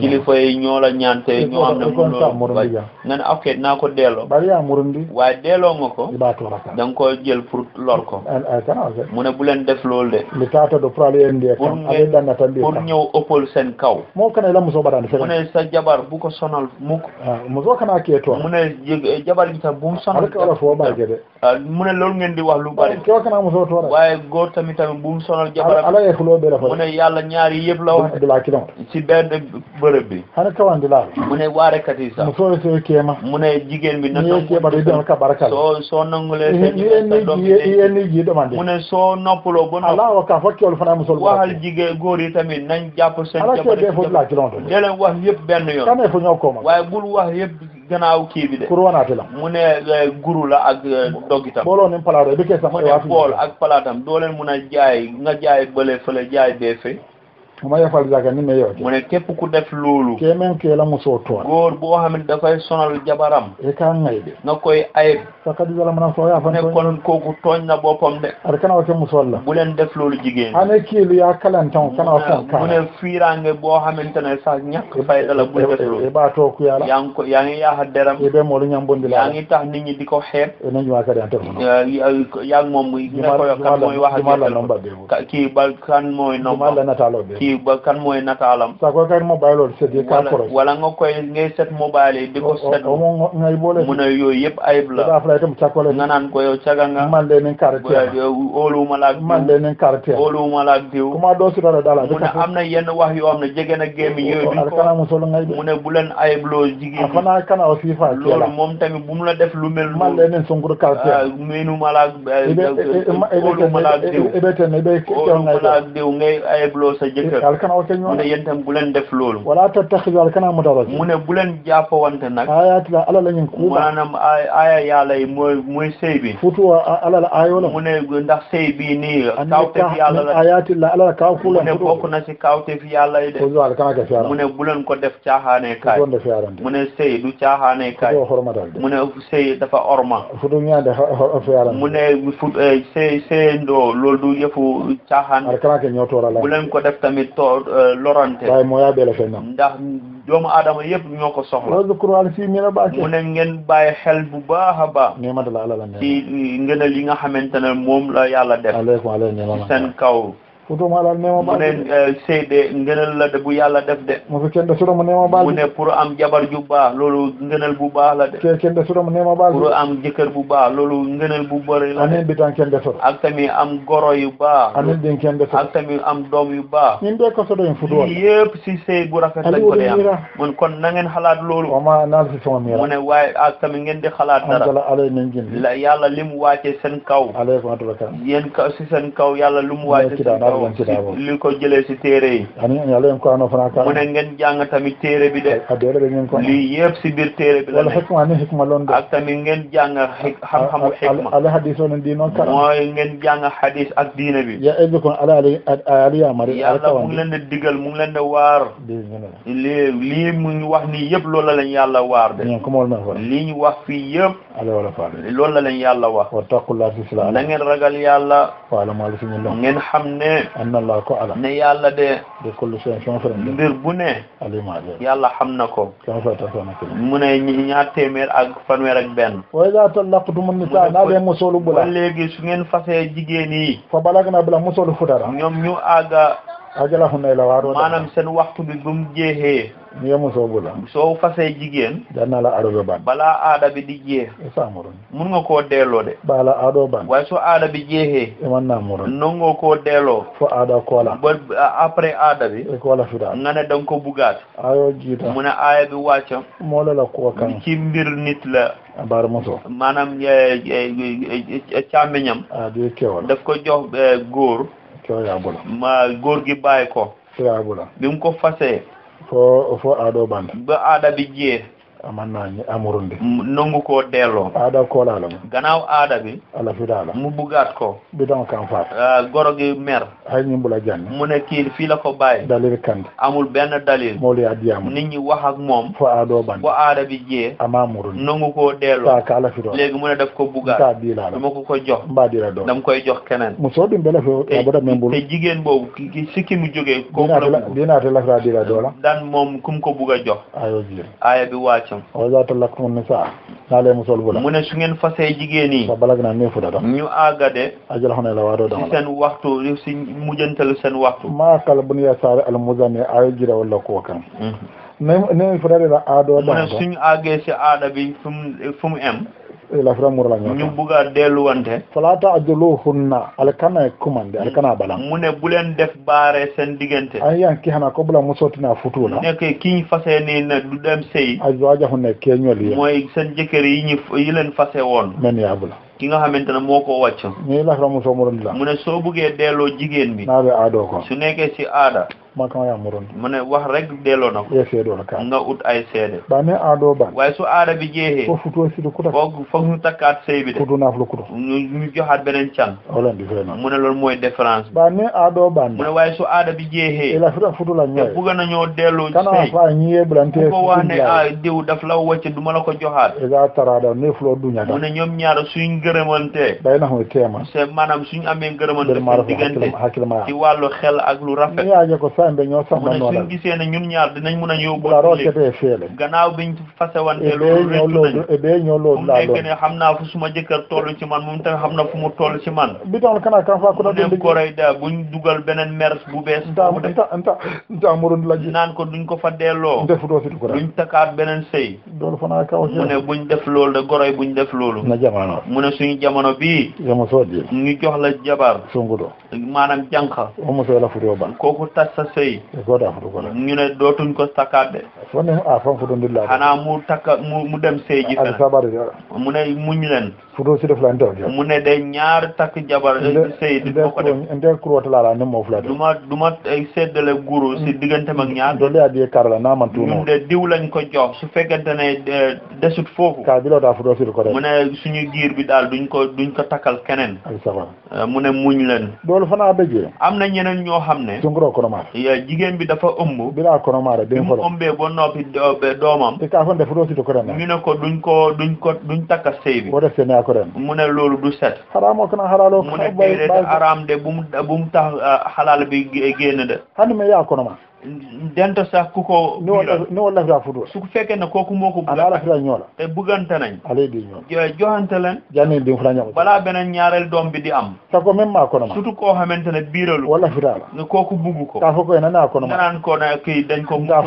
kilifa yi ñoo la ñaan te ñoo am na nan ok naa ko delloo. bari yaa murundi. waaye delloo nga ko. i b'a tɔɔrɔ kan da nga jël pour lor ko. Ah, ah, mu ne bu leen def loolu de. li taa tɔ do pour ale yéen de. pour ngeen pour ñëw ëppal seen kaw. moo kana la muso baraan fële. mu ne sa jabar bu ko sonal mu. Ah, muso kana kee tɔ. mu ne eh, jabar gi tam bu mu sonal. ale mu ne loolu ngeen di wax lu bari. Oh, kii kana muso tɔɔrɔ. waaye góor bu mu sonal. jabar ala ye fulo bɛrɛ fɔ. mu ne yàlla ñaari yëpp la wax. dila kilo. si benn bërëb bi. hali kawan dila. mu waare kati sa. muso tema mu ne jigéen bi nañu tema be don ka baraka so so nangule te ni ni ni ji demande mu ne so noppaloo bo ala wa ka fakki wol fana musol waxal jigéen góor yi tamit nañ jàpp seen jabar de leen wax yëpp benn yoon kame fu ñoo ko ma waaye bul wax yëpp gannaaw kii bi de pour wanaate la mu ne eh, guru la ak eh, dogitam booloo ni palaata bi ke sax mu bool ak palaatam doo leen mun a jaay nga jaay bële fële jaay bee fee kama yafal zaga ni me yote mu ne képp ku def loolu kemen ke la musoo toon góor boo xam ne dafay sonal jabaram e ka ngay de nga koy ayib fakadi wala manam so yafan ne kon kooku tooñ na boppam de ar kana wote musol la bu leen def loolu jigéen ane kiilu a kalantan kana wote ka mu ne fiirange boo xamante ne sax ñàkk e fayda la bu e def loolu e baa tooku yàlla yaa ngi ko yaa ngi yaaxa deram e be moolu ñambondi la yaa ngi tax nit ñi di ko xeeb e moom nga koy kan mooy wax ak téléphone kii ba kan mooy nombre kii ba kan mooy nataalam sa ko kay mobile lol set ka ko wala nga koy ngay set mobile bi ko set mo ngay bolé mu ney yoy yep ayib la dafa lay tam sa cakole nga nan ko yow caga nga man len en caractère olu malak man len en quartier olu malak diw kuma do ci dara dala mu amna yenn wax yo amna jege na gemi yoy bi ko kana mu solo ngay mu ne bu len ayib lo jigi afana kana o fifa lol mom tammi bu mu la def lu mel man len en songru quartier ah, menu malak eh, olu malak diw ebe tan ebe ko ngay ayib lo sa jëkke kër alkanaw te ñoo mu ne yéen tam bu leen def loolu wala tattaxidu alkanaw mutawassit mu ne bu leen jàppawante nag ayaati la ala la ñu ku maanaam aya yàlla yi mooy mooy sëy bi futuwa ala la ayo la mu ne ndax sëy bi nii kawtef yàlla la ayaati la ala la kaw ku la mu ne bokk na ci kawtef yàlla yi de mu ne bu leen ko def caaxaane kaay mu ne sëy du caaxaane kaay mu ne sëy dafa orma futu mu ne fut eh, du yëfu caaxaan Eh, lorante bay mo yabe la fenam ndax doomu adama yeb ñoko soxla wa qur'an fi mina ba ci mu ne ngeen bay xel bu baaxa ba ne ma dala ala la ci ngeenal yi nga xamantene mom la yalla def alaykum alaykum sen kaw futum halal nema baal mu ne euh, seede ngënal la de bu yàlla def de mu fi kenn desuɗomo nema baal mu ne pour am jabar ju baa loolu ngënal bu baax la de ke kenn desuɗomo nema baal pour am jëkkër bu baa loolu ngënal bu bëri la de amin bi tan kenn desor ak tamit am goro yu baax amin din kenn desor ak tamit am doom yu baax min ɓe kosoɗoen futuwa yëpp si sey bu rafet lañ ko de mun kon na ngeen xalaat loolu oma naal si sama mira mu ne waaye ak tamit ngeen di xalaat dara dala alay nañ gin li mu wàcce seen kaw aleykum atubaka yéen kaw si seen kaw yàlla li mu wàcce seen kaw waaw li ko jëlee si téere yi. ani yàlla yéen ko ano fana ka. a ne ngeen tamit téere bi de. a doole de lii yëpp si biir téere bi la nekk. wala xikma ani xikma loon de. ak tamit ngeen jàng xam-xamu xikma. ala hadis woon diinoo kala. mooy ngeen jàng hadis ak diine bi. ya indi kon ala ali ali amari. yàlla mu ngi leen di digal waar. lii lii wax nii yëpp loola lañ yàlla waar de. ñoom comme wàllu lii ñu wax fii yëpp. ala wala faale. loola lañ yàlla wax. wa taqullah fi la. na ngeen ragal yàlla. waaw ngeen xam ne anna allah ko ala ne yàlla de de kulli shay'in sama fere mbir bu ne alima yàlla xam na ko sama fere tasana ko mu ne ñaar ak fanweer ak benn wa iza talaqtum an ni naa bee musolu bula léegi su ngeen fa jigéen yi fa balagna bila musolu futara ñoom ñu aga ajalahu nay la waaroo maanaam seen waxtu bi ba mu jeexee. ñu yemu soobu la. soo fasee jigéen. dana la aadoo ban. balaa aada bi di jeex. isaamuroon. mun nga koo delloo de. bala aadoo ban. waaye soo aada bi jeexee. iman naamuroon. nangoo koo delloo. fo aada koola. ba après aada bi. koola fida. nga ne da nga ko bugaat. ayoo jiita. mu ne bi wàcca. moo la la koo kan. ci mbir nit la. baara muso. maanaam eh, eh, eh, càmmiñam. ah di kewal. daf ko jox góor. coyaabu la. ma góor gi bàyyi ko. coyaabu la. bi mu ko fasee. fo fo aadoo ban. ba aada bi jiyee. aman naa ñu amurundi. nangu koo delloo. aada koolaa la. gannaaw aada bi. ala fi daa la. mu bugaat ko. bidon kan faat. Ah, goro gi mer. ay ñu bula jànni. mu ne kii fii la ko bàyyi. dalil kan. amul benn dalil. moolu yaa diyaamu. nit ñi wax ak moom. fo aadoo ban. fo aada bi jiyee. amaa amurundi. nangu koo delloo. taa ka ala fi doon. léegi mu ne daf ko bugaat. taa dii laa la dama ko ko jox. mbaa dii la doon dama koy jox keneen. muso bi mbele fee. yaa te jigéen boobu ki si ki mu jogee kooku la mu dinaa la dinaa te la daan moom kum ko bugg a jox. accam o za ta lakum nisa na le musol bula mu ne su ngeen fasee jigéen yi balag na neefu da ñu aga de ajal xone la wado dama seen waxtu si mujjantal seen waxtu ma kala bun ya sare al muzani ay jira wala ko kan ne ne fu da la ado da mu ne suñu agee si aada bi fum fum em Eh, lafira murala ñu buga delluwante falata ajluhunna alkana kumande kanaa bala mu ne bu leen def baare seen diggante ay yan ki xana ko bula musotina futu la nekk ki ñu fase ni na du dem sey azwajahunna yi mooy seen jëkkër yi ñu yi leen fase woon men ya bula ki nga xamante ne moo ko wàcc ñi lafira muso mu la mu ne soo buggee delloo jigéen bi naa be aadoo ko su nekkee si aada ma kan ya muron mu ne wax rek delloo na ko ye seedola ka nga ut ay seede ɓane aɗo ban waaye su aada bi jeexee fo futuo sido kutak foog foog ñu takkaat sëy bi de futu naaflu kutak ñu joxaat beneen can olan di fena mu ne loolu mooy différence ɓane aɗo ban mu su aada bi jeexee la wacce ah, du ma la ko joxaat ega tarada ne fulo duñata mu ne ñoom ñaara suñ gërëmante bay naxoy teema c'est maanaam suñ amee gërëmante diggante xel ak lu rafet an ɓe ñoo sammanoɗa sen gisene ñun ñaar dinañ mun a yowbo laro kete feele gannaaw biñ fasewante eh, loolu ñowloodu e ɓe ñowloodu laa ɗo kene xam naa fu suma jëkkër toll na fu mu da buñ dugal beneen mer bu bees nta nta nta murun laji naan ko duñ ko fa delloo ndefutoo si tukura duñ takaat beneen sëy loolu fanaa mu ne buñ jox la jabar sungudo maanaam jànqa omo soo la futoo ban sëy ñu ne mu ko takkaat de fo ne a fan fodondilla mu takka mu dem sëy ji mu ne mu leen futo si def la ntew jam mu ne day ñaar takk jabar sëy di ko def ndeer kuroota laala ne moo fula duma duma seddale guru si mm. diggante mag ñaar doolu yaa die kara la naa man tuuno de diw lañ ko jox su fekkente ne eh, desut foofu kaa bi loo di ko def mu ne suñu giir bi daal duñ ko duñ ko takkal keneen ay sabar eh, mu ne muñ leen loolu fanaa dëjee am na ñeneen ñoo xam ne sunkuro konomaara jigéen bi dafa ëmb bi laa i kaa fan de futo si di ko def ñu ne ko duñ ko ko ren. mu ne loolu du set. xaraamoo ko nag xaraaloo. mu ne tey de araam de bu mu bu mu tax ah, xalaal bi génn ko na denta sax ku ko. ne wala ne a nafila futu. su kooku moo ko. a ala fila ñoo la. te bëggante nañ. ala yi di ñoo joxante leen. jànni di fula ñam. balaa beneen ñaareel doom bi di am. ka ko même maa kono ma. surtout koo xamante ne biiralu. wala fita la. kooku bugg ko. a fo ko yéen naa kono ma. naan ko na kii dañ ko. ngaa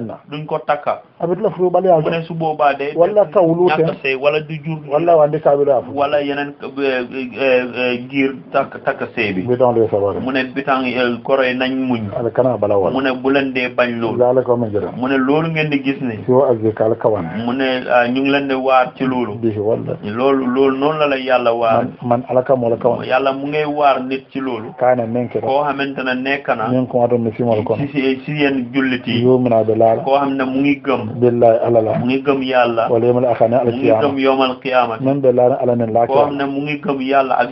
na. duñ ko takka. abit la futu bali yaa mu ne su boobaa de. wala kawlu te ñàkk see wala du jur. wala waa ndi kaabi laa futu. wala yeneen eh, eh, eh, bi. bitan de sabari. mu ne bitan koroy nañ muñ. mu ne bu leen dee bañ loolu. laalaka ma jëlaat mu ne loolu ngeen di gis ne. soo agri kàlla kawan. mu ne ah, ñu ngi waar ci loolu. loolu loolu la la yàlla waar. man man alaka moo la kawan. yàlla mu ngay waar nit ci loolu. kaana nekk na koo xamante ne nekk na. ñu ngi ko waatoon ne si mool kon. si si yéen jullit yi. yoo mën a ba laal. koo xam ne mu ngi gëm. billahi alala. mu ngi gëm yàlla. wala yomal akane ala kiyama mu ngi gëm yomal kiyama. même ba laal ala ne laa kiyama. koo xam ne mu ngi gëm yàlla ak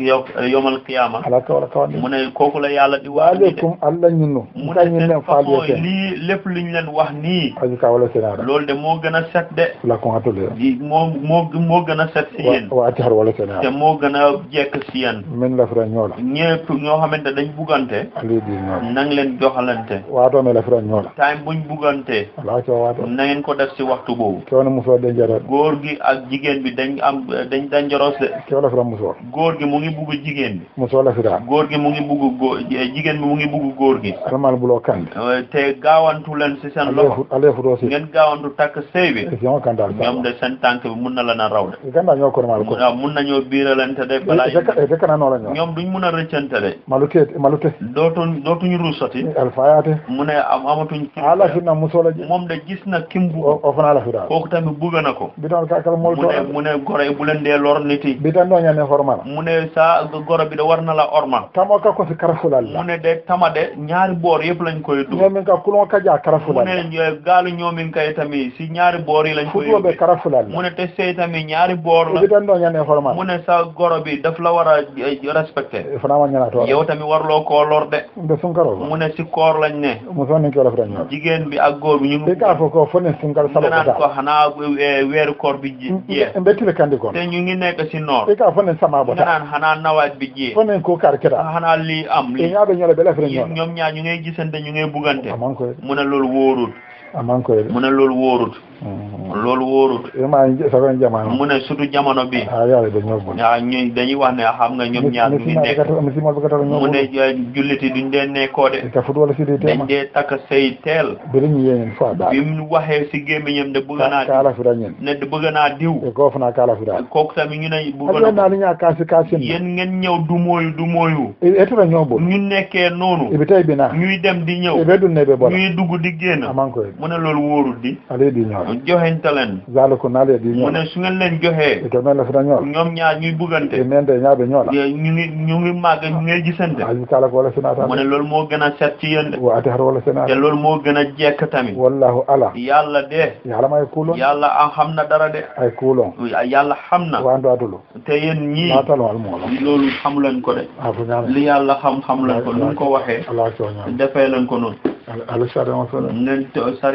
yomal kiyama. alaka wala kawan ko ku la yàlla di waar. waaleykum ala fa mooy lii lépp lu leen wax nii. ajuka wala senaara. loolu de moo gën a set de. la ko atole. lii moo moo moo gën a set si yéen. waa waa wala senaara. te moo gën a jekk si yéen. min la fira ñoo la. ñëpp ñoo xamante dañ bugante. Aliou di ñoo na leen joxalante. waato me la fira ñoo la. time buñ bugante. voilà coow waato. na ngeen ko def si waxtu boobu. coow na musoo denjoro. góor gi ak jigéen bi dañ am dañ danjoroos de. coow la fira musoo. góor gi mu ngi bugg jigéen bi. musoo la fira. góor gi mu ngi bugg góor jigéen bi mu ngi bugg góor gi. alamal buloo kandi. te gaawantu si seen loxo. aleefu aleefu ngeen gaawantu takk sey bi. ñoom de seen tànk bi mun na la na raw de. gànnaar ñoo ko maal ko waaw mun nañoo de. balaa yéen de fekk na noo la ñu. ñoom duñ mun a rëccante de. malute malute. dootuñ dootuñ ruusati. Eh, alfaayaate. mu ne am amatuñ. alaafin na musola ji. moom de gis na kim bu. o o fana alaafin daal. kooku tamit bugg na ko. bi doon kàkkal moytu. mu ne mu ne goro yi bu leen dee lor nit yi. bi doon ñooñu ne xorma la. mu ne saa goro bi de war na la orma. tamoo ɗum ñoomin ka kulon kaja karafulal mune gaalu ñoomin kay tami si ñaari boori lañ ko futuo ɓe karafulal mune la ɗitan ɗo ñane formal mune sa goro bi daf wara eh, respecté eh, fanama ñanato ko lorde nde sunkaro mune si koor lañ ne muso ni kelo fota ñoo jigéen bi a góor bi ñu ka fo ko fone sunkar salo ko hana eh, weeru koor bi jee mbettile kandi kon te ñu ngi nekk si noor ka a sama bota naan hana nawaat bi jee fone ko karkira hana ñoom ñaa ñu ngay gisante ñu ngay buggante mu ne loolu wóorul aman ah, koy mu ne loolu wóorut mm-hmm. loolu wóorut eh, masakoon jamono mu ne surtout jamono bi a ah, yàlla dañoo bon waaw ah, ñu dañuy wax ne xam nga ñoom ñaar ñu ngi nekk mu ne julliti duñ dee nekkoo de ta fut wala si dee dañ dee takk say teel biriñu yéenen fois daal bi mu waxee si gémmiñam de bëgg naa kaalafira ñen ne bëgg naa diw koo fanaa kaalafira kooku tamit ñu ne bëgg naa li ñaa kaasi kaasi yéen ngeen ñëw du mooyu du mooyu eh, eh, ñu nekkee noonu ibi bi naa ñuy dem di ñëw be dunne dugg di génn aman koy mu ne loolu wóorul di alee di ñoor joxenta leen zaliku na alee di ñoor mu ne su ngeen leen joxee e to men lafita ñoola ñoom ñaar ñuy buggante e men de ñaaɓe ñoola ñu ngi ñu ngi màgg ñu ngi gisante aji kalako wala senata loolu moo gën a set ci wa ati har wala senata te loolu moo gën a jekk tamit wallahu ala yalla de yàlla may kuuloon yàlla a xam na dara de ay kuuloon yàlla xam na waandu adulo te yéen ñii laatalo al moola loolu xam leen ko de li yàlla xam xam leen ko lu ko waxee defee leen ko noonu ala ala sariya fele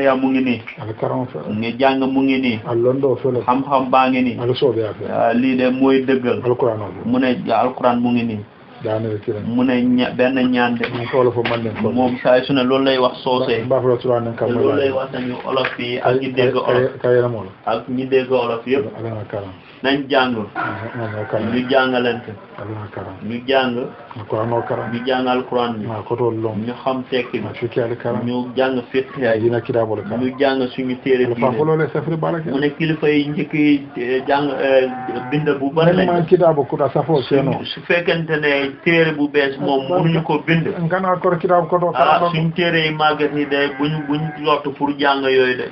nga mu ngi nii ala karam fele ngi jàng mu ngi nii ala londoo fele xam-xam baa ngi nii ala soobeya fele lii de mooy dëggal alquran mu ne alquran mu ngi nii daanaka mu ne benn ñaan de. mu soxla foofu mën leen moom saa su ne loolu lay wax soosee. baax la suba nañ loolu lay wax nañu olof yi ak ñi dégg olof. kay kay a ak ñi dégg olof yëpp. nañ jàng. ñu jàngalante. ñu jàng. ñu jàng alquran bi. ñu xam tekki bi. ñu jàng fiqh ñu jàng suñu téere diine. mu ne kilifa yi njëkk yi eh, jàng eh, bind bu bari lañ. su fekkente ne téere bu bees moom mënuñu ko bind. ah suñu téere yi màgget ni day buñ buñ lott pour jàng yooyu de.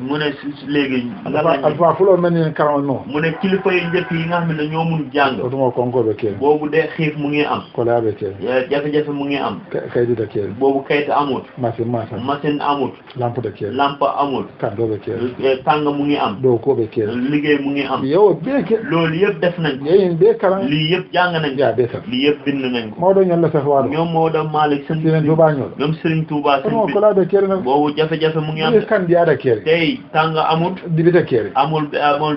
mu ne léegi. alfa alfa fuloo mel ni karam mu ne kilifa yu njëkk yi nga xam ne ñoo mun jàng. otumoo konko be kee. boobu de xiif mu ngi am. kolaa be kee. Eh, jafe-jafe mu ngi am. kayit de boobu kayit amut. machine maasa. machine amut. lampe de kee. lampe amut. kàddoo be kee. Eh, tàng mu ngi am. doo ko be kee. liggéey mu ngi am. yow bee kee. loolu yëpp def nañ. yéen bee kalan. lii yëpp jàng nañ. yaa bee sax lii yëpp bind nañ ko. Maodo ñoom la sax waalo. ñoom Maodo Malick. seen Touba ñoom. ñoom Serigne Touba. otumoo kolaa be kee nag. boobu jafe-jafe mu ngi am. kan diyaada kee. tey tàng amut. dibi de kee. amul amul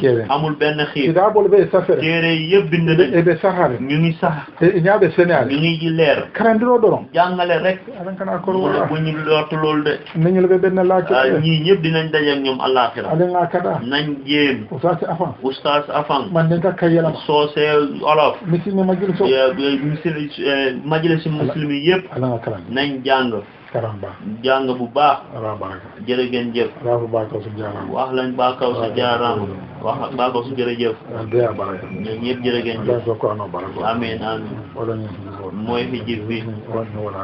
kere amul benn xiir ci daa boole bee safere téere bind nañ ebe saxare ñu ngi sax ñaa be senaare ñu ngi e, leer karandinoo dorom jàngale rek alankana kor wala bu ñu lottu loolu de nañu la be benn laaj ah, ñii ñëpp dinañ daje ak ñoom alaxira alinga kada nañ jéem oustaz afan oustaz afan man ne nga kayalam soose olof misil mi majlis so misil eh, majlis muslim yëpp nañ jàng karamba jàng bu baax rabaraka jërëgeen jëf rafa bakaw sa jaaraam wax lañ bakaw sa jaaraam wax bakaw sa jërëjëf da baraka ñëpp jërëgeen jëf ko ano baraka amiin amiin wala ñu mooy fi jif bi wala